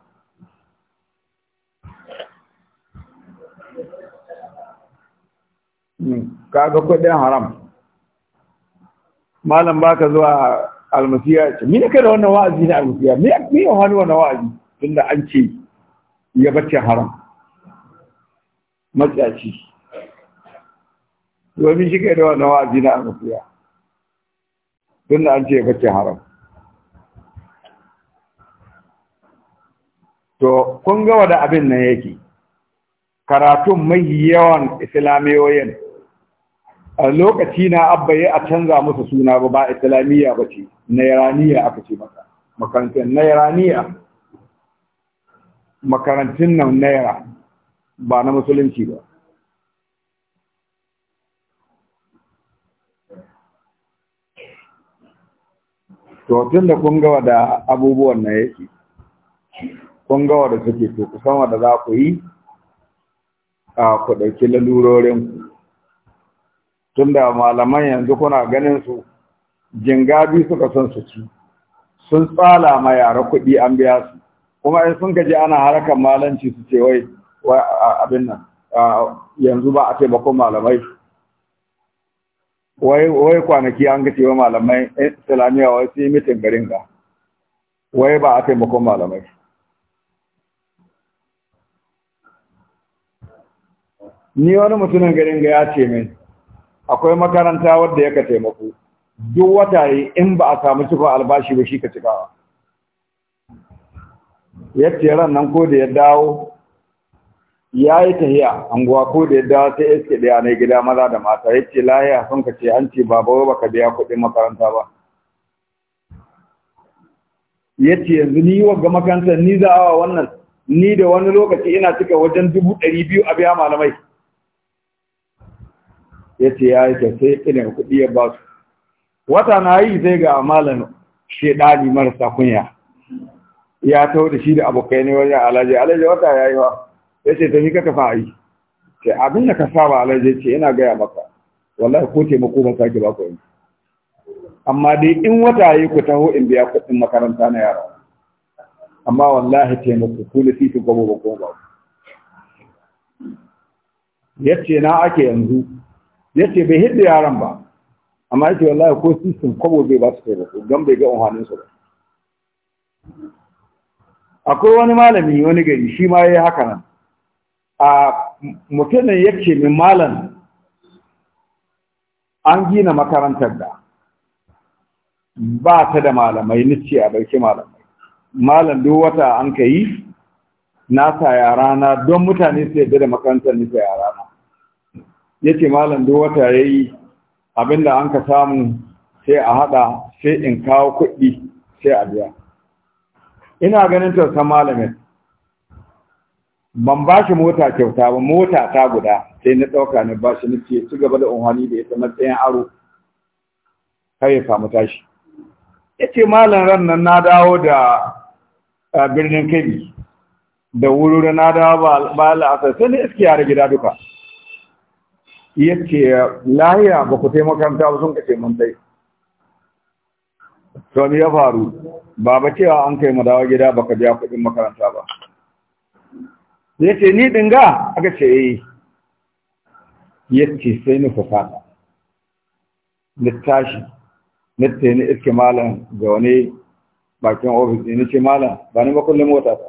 Hmm. kaga kudin haram malam baka zuwa almasiya ce mini kai da wannan wa'azi na almasiya me me wani wannan wa'azi tunda an ce ya bace haram matsaci domin shi kai da wannan wa'azi na almasiya tunda an ce ya bace haram to kun ga wada abin nan yake karatun mai yawan islamiyoyin a lokaci na abba ya canza musu suna ba ba islamiyya ba ce nairaniya aka ce mata makarantar nairaniya makarantun nan naira ba na musulunci ba to tun da kun gawa da abubuwan na yake kun gawa da suke to kusan wanda za ku yi a ku ɗauki lalurorin tunda malaman yanzu kuna ganin su jingabi suka son su ci sun tsala ma yara kuɗi an biya su kuma in sun gaji ana harakan malanci su ce wai abin nan yanzu ba a taimakon malamai wai kwanaki an ga cewa malamai eh, islamiyya wai su yi mitin garin ga wai ba a taimakon malamai ni wani mutumin garin ga ya ce min akwai makaranta wadda yaka taimako duk wata in ba a samu cikon albashi ba shi ka cikawa yadda ran nan ko da ya dawo ya yi tahiya anguwa ko da ya dawo sai iske ɗaya na gida maza da mata ya ce lahiya sun ka ce an ce baba ba baka biya kuɗin makaranta ba ya ce yanzu ni ga makarantar ni za wannan ni da wani lokaci ina cika wajen dubu ɗari biyu a biya malamai ya ce ya yi sai ƙinin kuɗi ya ba su wata na yi sai ga amalan shaidani marasa kunya ya tau da shi da abokai ne wajen alaji alaji wata ya yi wa ya ce tafi ka kafa yi ce abin da ka saba alaji ce yana gaya maka wallahi ko taimako ba sake ba ku yi amma dai in wata yi ku taho in biya kuɗin makaranta na yara amma wallahi taimako ku ne titin gwabo ba ko ba yace na ake yanzu yace bai hidda yaran ba amma yace wallahi ko sisin kwabo bai ba su kai ba bai ga umarninsu ba akwai wani malami wani gari shi ma yi haka nan a mutumin ce min malam an gina makarantar da ba ta da malamai nice a ɗauki malamai malam duk wata an ka yi nasa yarana, yara na don mutane su yadda da makarantar nisa yara yace malam duk wata yayi abinda an ka samu sai a hada sai in kawo kuɗi sai a biya ina ganin tausan malamin ban ba shi mota kyauta ba mota ta guda sai na ɗauka ne ba shi nace ci gaba da unhani da ita matsayin aro kai ya samu tashi yace malam ran nan na dawo da birnin kebi da wuri na dawo ba la'asar sai na iske yare gida duka ya ce lahiya ba ku taimakaranta ba sun kace mun dai to ya faru ba ba cewa an kai mu dawo gida baka biya kuɗin makaranta ba ya ce ni dinga aka ce eh ya ce sai ni fufata na tashi na ni iske malam ga wani bakin ofis ne ce malam ba ni makullin mota ta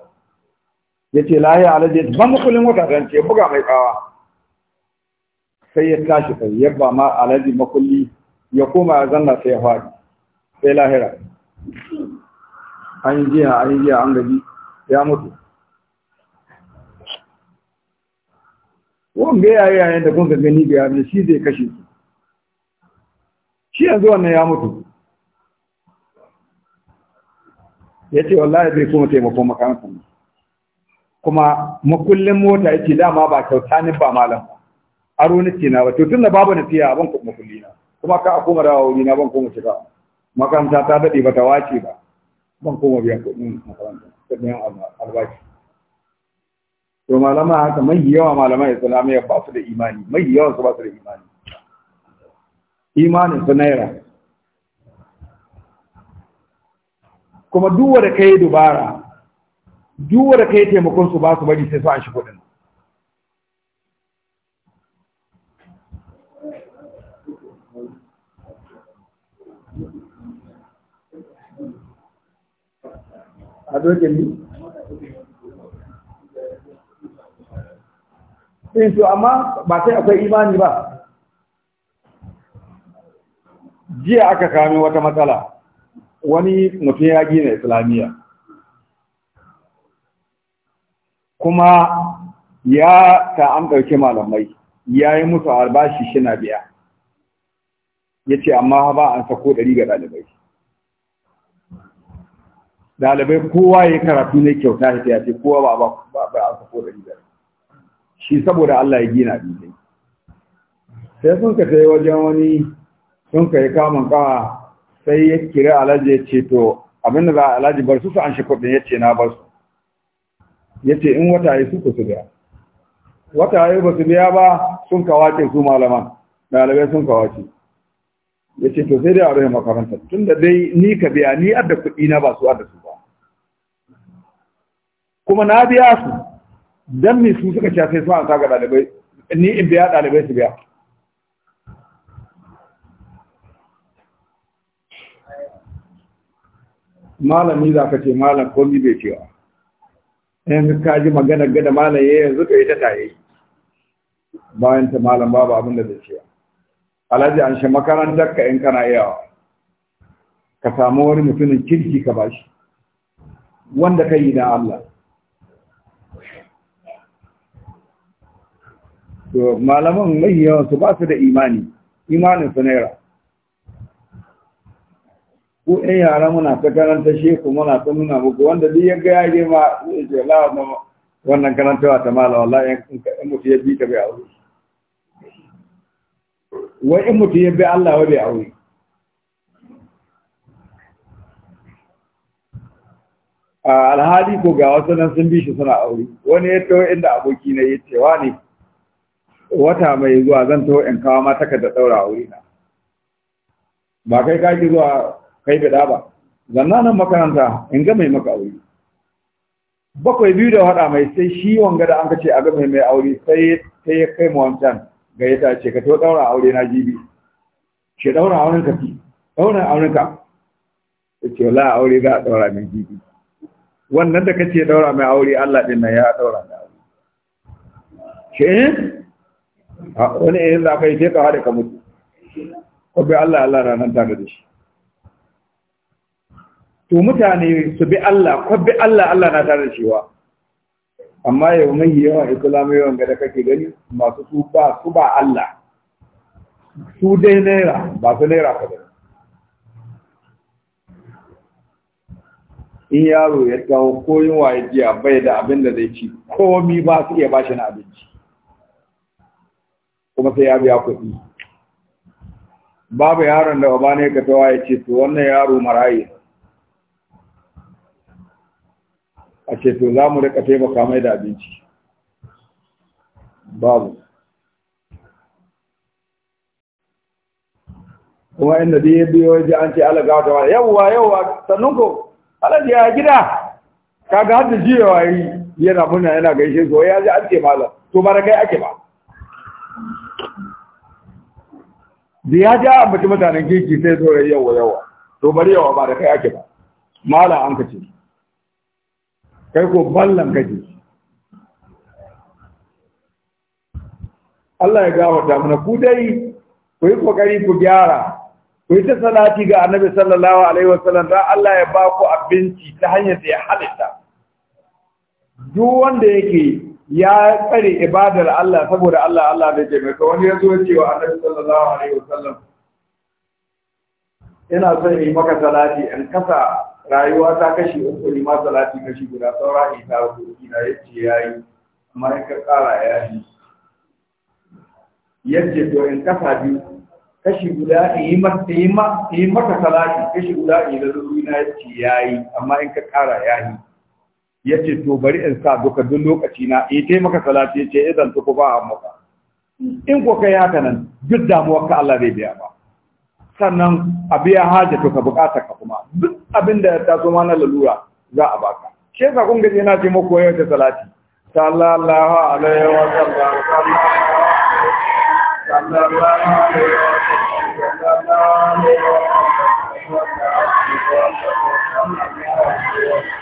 ya ce lahiya alaji ban makullin mota ta ce buga mai kawa sai ya tashi sai ya ba ma alaji makulli ya koma ya zanna sai ya faɗi sai lahira an yi jiya an yi jiya an gaji ya mutu wanga ya yi yayin da kun ga gani ga yamin shi zai kashe su shi yanzu wannan ya mutu ya ce wallahi bai kuma taimakon makarantar kuma makullin mota ya ce dama ba kyauta ni ba malam ba aro ce na ba to tunda babu na tiya ban kuma kullina na kuma ka akoma da wuri na ban kuma shiga makaranta ta dade ba ta wace ba ban koma biyan kuɗin makaranta kuɗin albashi to malama haka mai yawa malaman islamiyya ba su da imani mai yawa su ba su da imani imanin su naira kuma duwa da kai dubara duwa da kai taimakon su ba su bari sai su an shi kuɗin àdó jami eh, amma ba sai akwai imani ba jiya aka kame wata matsala wani mutum ya gina islamiyya kuma ya ta an ɗauke malamai ya yi musu albashi shina biya ya ce amma ba an sako ɗari ga ɗalibai dalibai kowa ya karatu ne kyauta ya ce kowa ba a ba a sako da rigar shi saboda Allah ya gina dai sai sun ka sai wajen wani sun ka yi kamun kawa sai ya kira alhaji ya ce to abin da za a alhaji bar su su an shi kuɗin ya ce na bar su ya ce in wata yi su ku su biya wata yi ba su biya ba sun ka wace su malaman dalibai sun ka wace. ya ce to sai dai a rai makarantar tun da dai ni ka biya ni adda kuɗi na ba su adda su ba kuma na biya su don me su suka ce sai su an sa dalibai ni in biya dalibai su biya malami za ka ce malam komi bai cewa in ka ji magana gada malam ya yanzu ka yi ta taye bayan ta malam babu abin da zai cewa alhaji an shi makarantar ka in kana yawa ka samu wani mutumin kirki ka bashi wanda ka yi na Allah to malaman mai su ba su da imani imanin su naira ko ɗan yara muna ta karanta sheku muna ta nuna muku wanda duk ya gaya ya ma ya ce la wannan karantawa ta mala ya in mutu ya bi ta bai aure wai in mutu ya bi Allah wa bai aure alhali ko ga wasu nan sun bi shi suna aure wani ya tawo inda aboki na ya ce wa ne wata mai zuwa zan taho in kawo ma da daura a wurina ba kai ka ki zuwa kai bida ba zanna nan makaranta in ga mai maka aure bakwai biyu da hada mai sai shi wanga da an ce a ga mai mai aure sai sai ya kai mu wancan ga ya ce ka to daura aure na jibi ke daura auren ka fi daura auren ka ce wala aure za a daura mai jibi wannan da kace daura mai aure Allah din nan ya daura da aure shi wani irin za ka yi sai ka hada ka mutu ko bai Allah Allah ranar ta da shi to mutane su bi Allah ko bi Allah Allah na tare da shi wa amma yau mai yawan islamu yawan gada kake gani masu su ba su ba Allah su dai naira ba su naira ka gani in yaro ya kawo koyin waye jiya bai da abin da zai ci komi ba su iya bashi na abinci kuma sai ya biya kuɗi babu yaron da ba ne ka tawa ya ce to wannan yaro marayi a ce to za mu rika taimaka mai da abinci babu kuma inda da ya biyo ji an ce alaga ta wani yawwa yawwa sannan ko alaji ya gida kaga har jiyewa jiya yana muna yana gaishe so ya ji an ce malam to ba da kai ake ba da ya ji a mutum mutanen kirki sai zo rai yawa yawa to bari yawa ba da kai ake ba mala an kace kai ko ballan kake Allah ya gafarta mana ku dai ku yi kokari ku gyara ku yi ta salati ga annabi sallallahu alaihi wasallam dan Allah ya ba ku abinci ta hanyar da ya halitta duk wanda yake ya tsare ibadar Allah saboda Allah Allah bai mai wani ya zo cewa annabi sallallahu alaihi wasallam ina son yi maka salati an kasa rayuwa ta kashi uku ne ma salati kashi guda saura ne ta uku ina yace yayi amma in ka kara yi. yace to in kasa biyu kashi guda in yi mata yi maka salati kashi guda in yi da ina yace yayi amma in ka kara yi. Ya ce to bari in sa duka duk lokaci na eh tai maka salati ce idan ku ba maka in ko kai haka nan duk damuwar ka Allah zai biya ba sannan a biya haja to ka bukata ka kuma duk abin da ta ma na lalura za a baka ke ka kun gaje na ce muku yau ta salati sallallahu alaihi wa sallam sallallahu alaihi wa sallam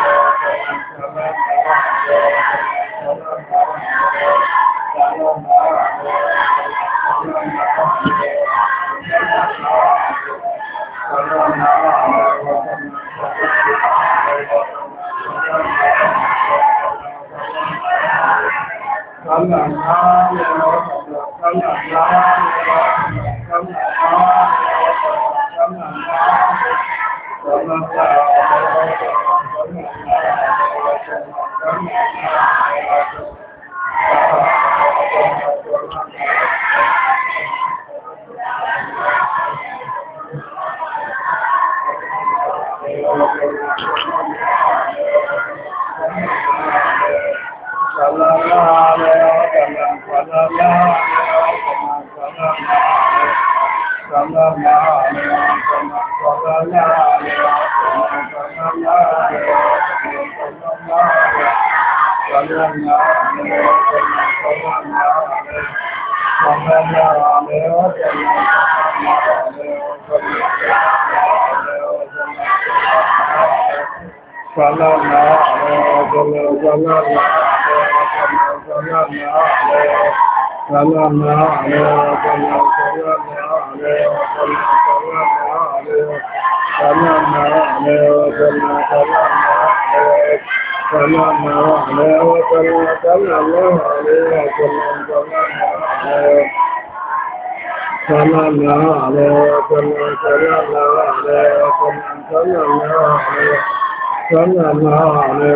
sálà láàárín ọ̀sán sálà láàárín الله عليه وسلم Sallallahu alaihi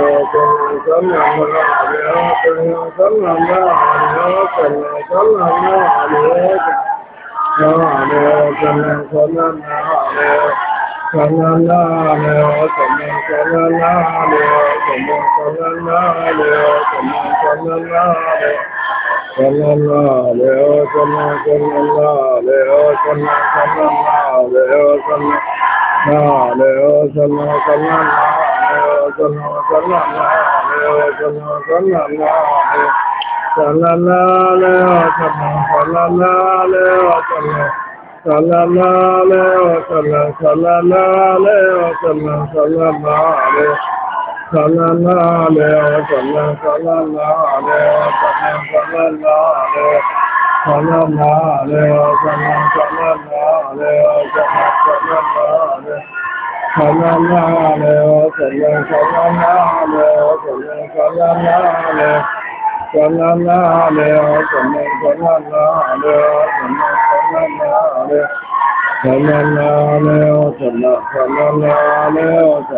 صل وسلم عليه وسلم صلى الله عليه صلى الله عليه وسلم صلى الله عليه وسلم صلى الله عليه وسلم صلى الله عليه وسلم صلى الله عليه صلى الله عليه وسلم صلى الله عليه وسلم صلى الله عليه صلى الله عليه وسلم صلى الله عليه وسلم صلى الله عليه ဆလလာလေဆလဆလလာလေဆလဆလလာလေဆလလာလေဆလဆလလာလေဆလဆလလာလေဆလလာလေဆလဆလလာလေဆလဆလလာလေဆလဆလလာလေဆလလာလေဆလဆလလာလေဆလဆလလာလေဆ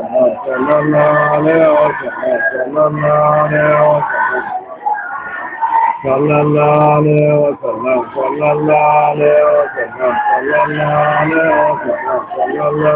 လဆလလာ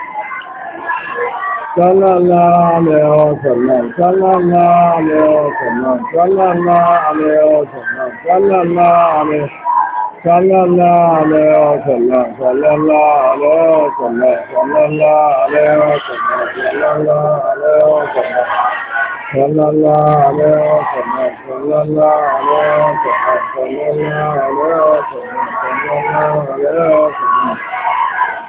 သမ္မာလာလေယောသမ္မာသမ္မာလာလေယောသမ္မာသမ္မာလာလေယောသမ္မာသမ္မာလာလေသမ္မာလာလေယောသမ္မာသမ္မာလာလေယောသမ္မာသမ္မာလာလေယောသမ္မာသမ္မာလာလေယောသမ္မာသမ္မာလာလေယောသမ္မာသမ္မာလာလေယောသမ္မာသမ္မာလာလေယောသမ္မာသမ္မာလာလေယောသမ္မာ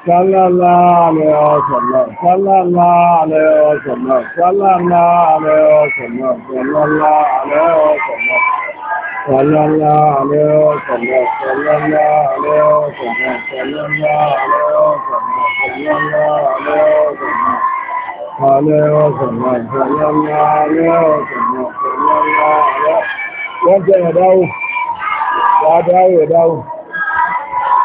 sallallahu alaihi wasallam sallallahu alaihi wasallam sallallahu alaihi wasallam sallallahu alaihi wasallam sallallahu alaihi wasallam sallallahu alaihi wasallam sallallahu alaihi wasallam sallallahu alaihi wasallam alaihi wasallam sallallahu alaihi wasallam sallallahu alaihi wasallam ya dawo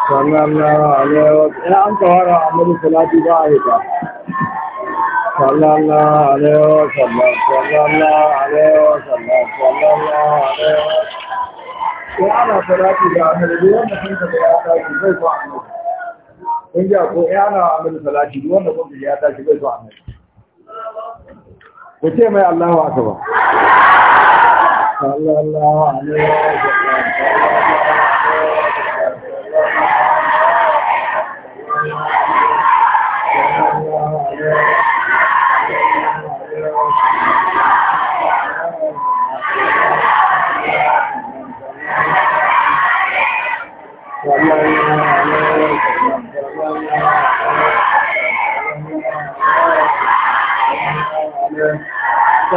sallallahu alaihi wa sallam an kawara annabi salati ba a hita sallallahu alaihi wa sallam sallallahu alaihi wa sallallahu alaihi da salati duk wanda kun ya ce mai Allahu akbar sallallahu alaihi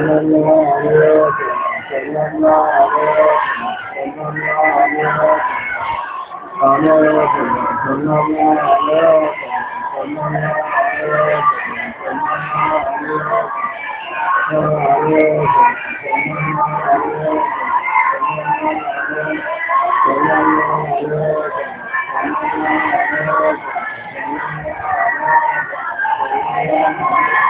صلى الله عليه وسلم صلى الله عليه وسلم صلى الله عليه وسلم قال يا Thank you.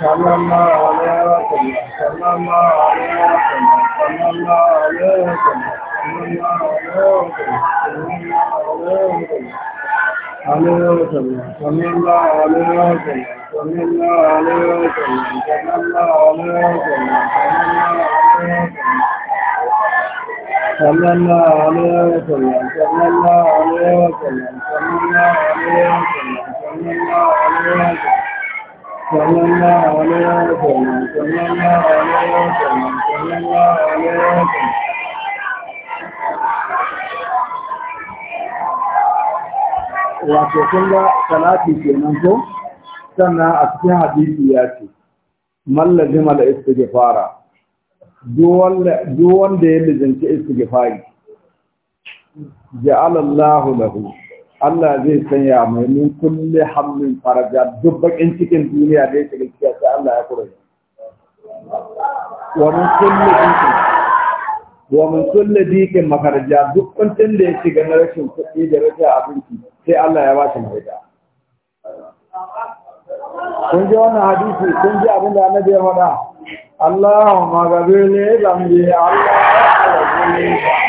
صلى الله عليه وسلم صلى الله عليه وسلم صلى الله عليه وسلم صلى الله عليه وسلم عليه وسلم صلى الله عليه وسلم صلى الله عليه وسلم صلى الله عليه وسلم صلى الله عليه وسلم صلى الله عليه وسلم صلى الله عليه وسلم صلى الله عليه وسلم صلى الله عليه وسلم wato kun ga ke nan ko sannan a cikin hadisi ya ce mallazim al ke fara duwanda ya lizinci istighfari ja'ala Allahu lahu Allah zai sanya mai min kulle hannun faraja duk bakin cikin duniya da ya shiga cikin sai Allah ya kura wa mun kulle dikin wa mun kulle dikin makaraja duk kuntin da ya shiga na rashin kuɗi da rashin abinci sai Allah ya ba shi mafita kun ji wannan hadisi kun ji abin da annabi ya faɗa Allahumma gabirni zambi Allah ya gabirni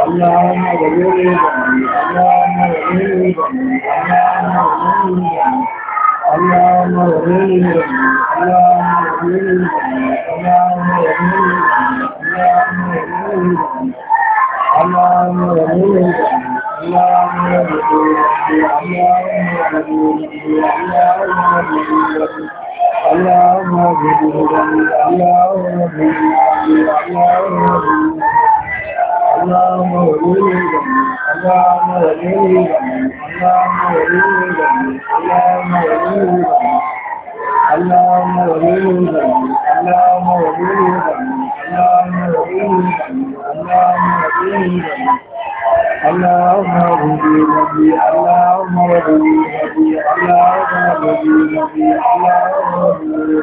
اللهم اللهم اغفر اللهم اغفر اللهم اغفر اللهم اغفر اللهم اغفر اللهم اغفر اللهم اغفر اللهم ولي اللهم ولي اللهم ولي اللهم ولي اللهم ولي اللهم ولي اللهم ولي اللهم ولي اللهم ربي ربي اللهم ربي ربي اللهم ربي ربي اللهم ربي ربي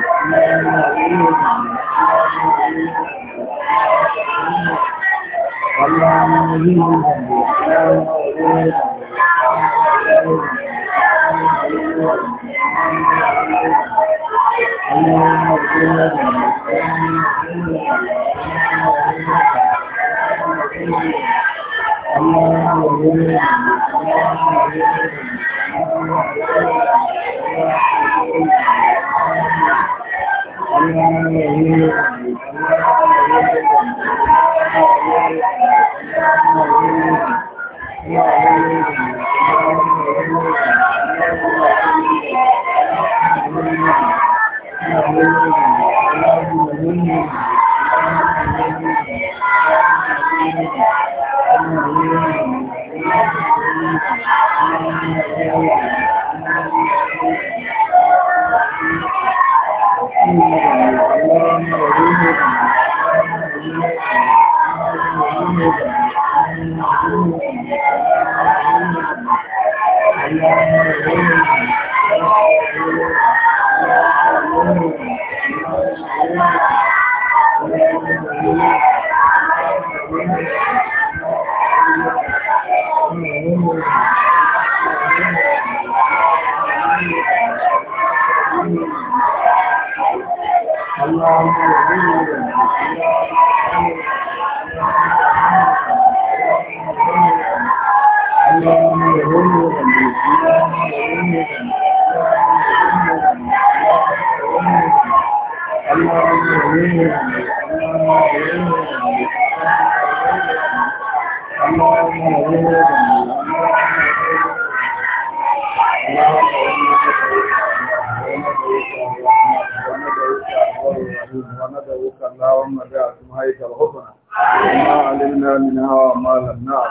وعلى النار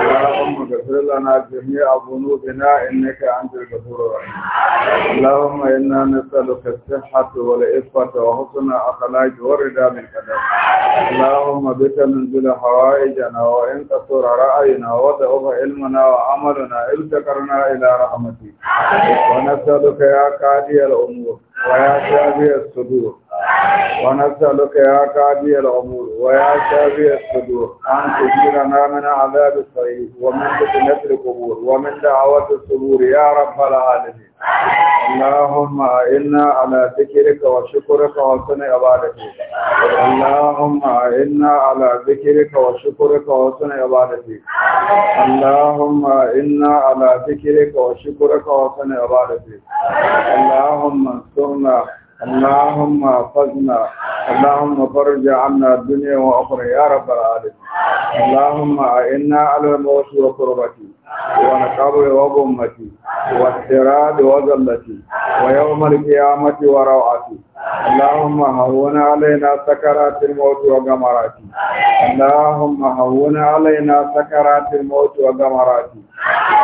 اللهم اغفر لنا جميع ذنوبنا انك انت الغفور الرحيم اللهم انا نسالك الصحه والعفه وحسن اخلاق ورضا بالقدر اللهم بك منزل حوائجنا وان كثر راينا وضعف علمنا وعملنا التقرنا الى رحمتك ونسالك يا قاضي الامور ويا شافي الصدور ونسألك يا كاذي الأمور ويا شافي الصدور أن تجيرنا من عذاب الصعيد ومن فتنة القبور ومن دعوة الصدور يا رب العالمين اللهم إنا على ذكرك وشكرك وحسن عبادتك اللهم إنا على ذكرك وشكرك وحسن عبادتك اللهم إنا على ذكرك وشكرك وحسن عبادتك اللهم انصرنا اللهم فزنا اللهم فرج عنا الدنيا وأخرى يا رب العالمين اللهم إنا على الموت وقربتي ونقبل وضمتي والسراد وزلتي ويوم القيامة وروعتي اللهم هون علينا سكرات الموت وقمراتي اللهم هون علينا سكرات الموت وقمراتي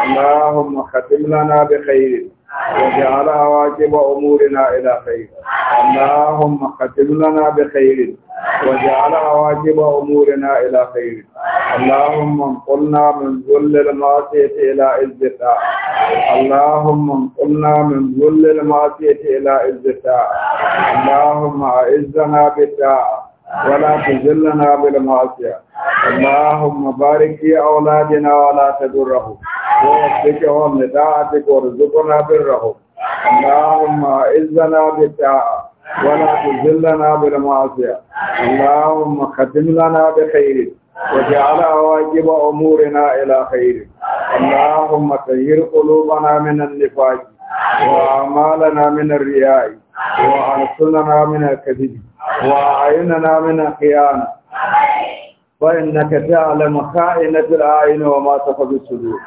اللهم ختم لنا بخير واجعل عواقب أمورنا إلى خير اللهم ختم لنا بخير واجعل عواقب أمورنا إلى خير اللهم انقلنا من ذل المعصية إلى عز اللهم انقلنا من ذل المعصية إلى عز اللهم أعزنا بالطاعة ولا تذلنا بالمعصية اللهم بارك في أولادنا ولا تدرهم ووفقهم لطاعتك وارزقنا برهم اللهم أعزنا بالطاعة ولا تذلنا بالمعصية اللهم ختم لنا بخير وجعل واجب أمورنا إلى خير اللهم طهر قلوبنا من النفاق وأعمالنا من الرياء وأنصرنا من الكذب wa ayyuna na kiyana? فإنك تعلم خائنة الأعين وما تخفي الصدور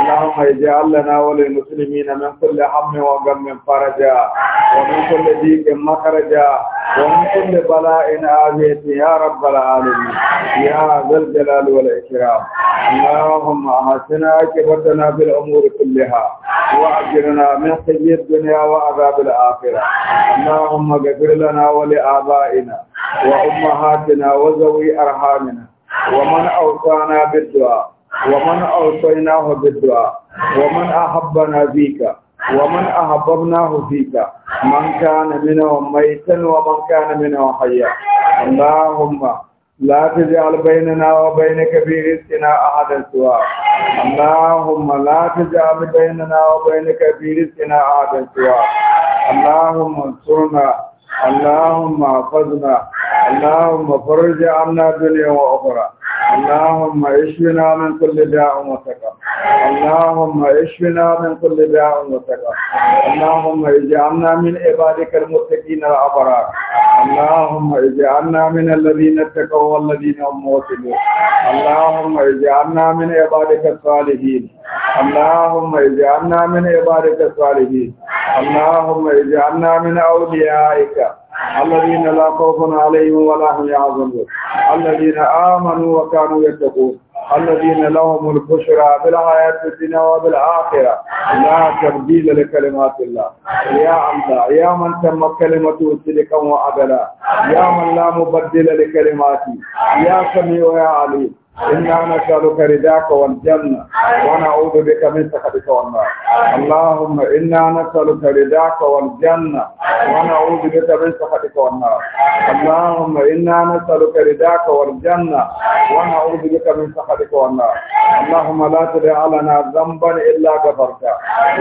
اللهم اجعل لنا وللمسلمين من كل هم وغم فرجا ومن كل ضيق مخرجا ومن كل بلاء عافية يا رب العالمين يا ذا الجلال والإكرام اللهم أحسن عاقبتنا في الأمور كلها وأجرنا من خزي الدنيا وعذاب الآخرة اللهم اغفر لنا ولآبائنا وأمهاتنا وذوي أرحامنا ومن أوصانا بالدعاء ومن أوصيناه بالدعاء ومن أحبنا فيك ومن أحببناه فيك من كان منهم ميتا ومن كان منهم حيا اللهم لا تجعل بيننا وبينك في رزقنا أحدا سواك اللهم لا تجعل بيننا وبينك في رزقنا أحدا سواك اللهم انصرنا اللهم احفظنا اللهم فرج عنا دنيا واخره اللهم اشفنا من كل داء وسقم اللهم اشفنا من كل داء وسقم اللهم اجعلنا من عبادك المتقين الابرار اللهم اجعلنا من الذين اتقوا والذين هم موسمون اللهم اجعلنا من عبادك الصالحين اللهم اجعلنا من عبادك الصالحين اللهم اجعلنا من اوليائك الذين لا خوف عليهم ولا هم يحزنون الذين آمنوا وكانوا يتقون الذين لهم البشرى بالحياة الدنيا وبالآخرة لا تبديل لكلمات الله يا الله يا من تم كلمته سلكا وعدلا يا من لا مبدل لكلماتي يا سميع يا عليم إنا نسألك رداك والجنة ونعوذ بك من سخطك والنار اللهم إنا نسألك رداك والجنة ونعوذ بك من سخطك والنار اللهم إنا نسألك رداك والجنة ونعوذ بك من سخطك والنار اللهم لا تدع لنا ذنبا إلا غفرته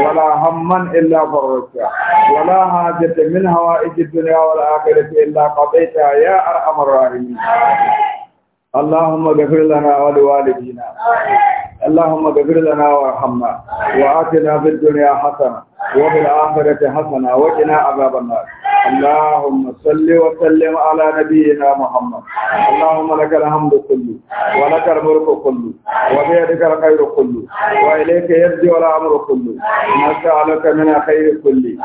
ولا هما إلا فرجته ولا حاجة من هوائج الدنيا والآخرة إلا قضيتها يا أرحم الراحمين اللهم اغفر لنا ولوالدينا اللهم اغفر لنا وارحمنا وآتنا في الدنيا حسنة وفي الآخرة حسنة وقنا عذاب النار اللهم صل وسلم على نبينا محمد اللهم لك الحمد كله ولك الملك كله وبيدك الخير كله وإليك يرجع الأمر كله نسألك من خير كله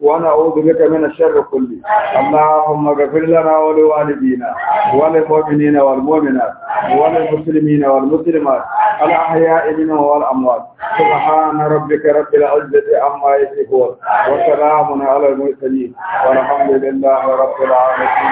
ونعوذ بك من الشر كله اللهم اغفر لنا ولوالدينا وللمؤمنين والمؤمنات وللمسلمين والمسلمات الأحياء منهم والأموات سبحان ربك رب العزة عما يصفون وسلام على المرسلين والحمد لله رب العالمين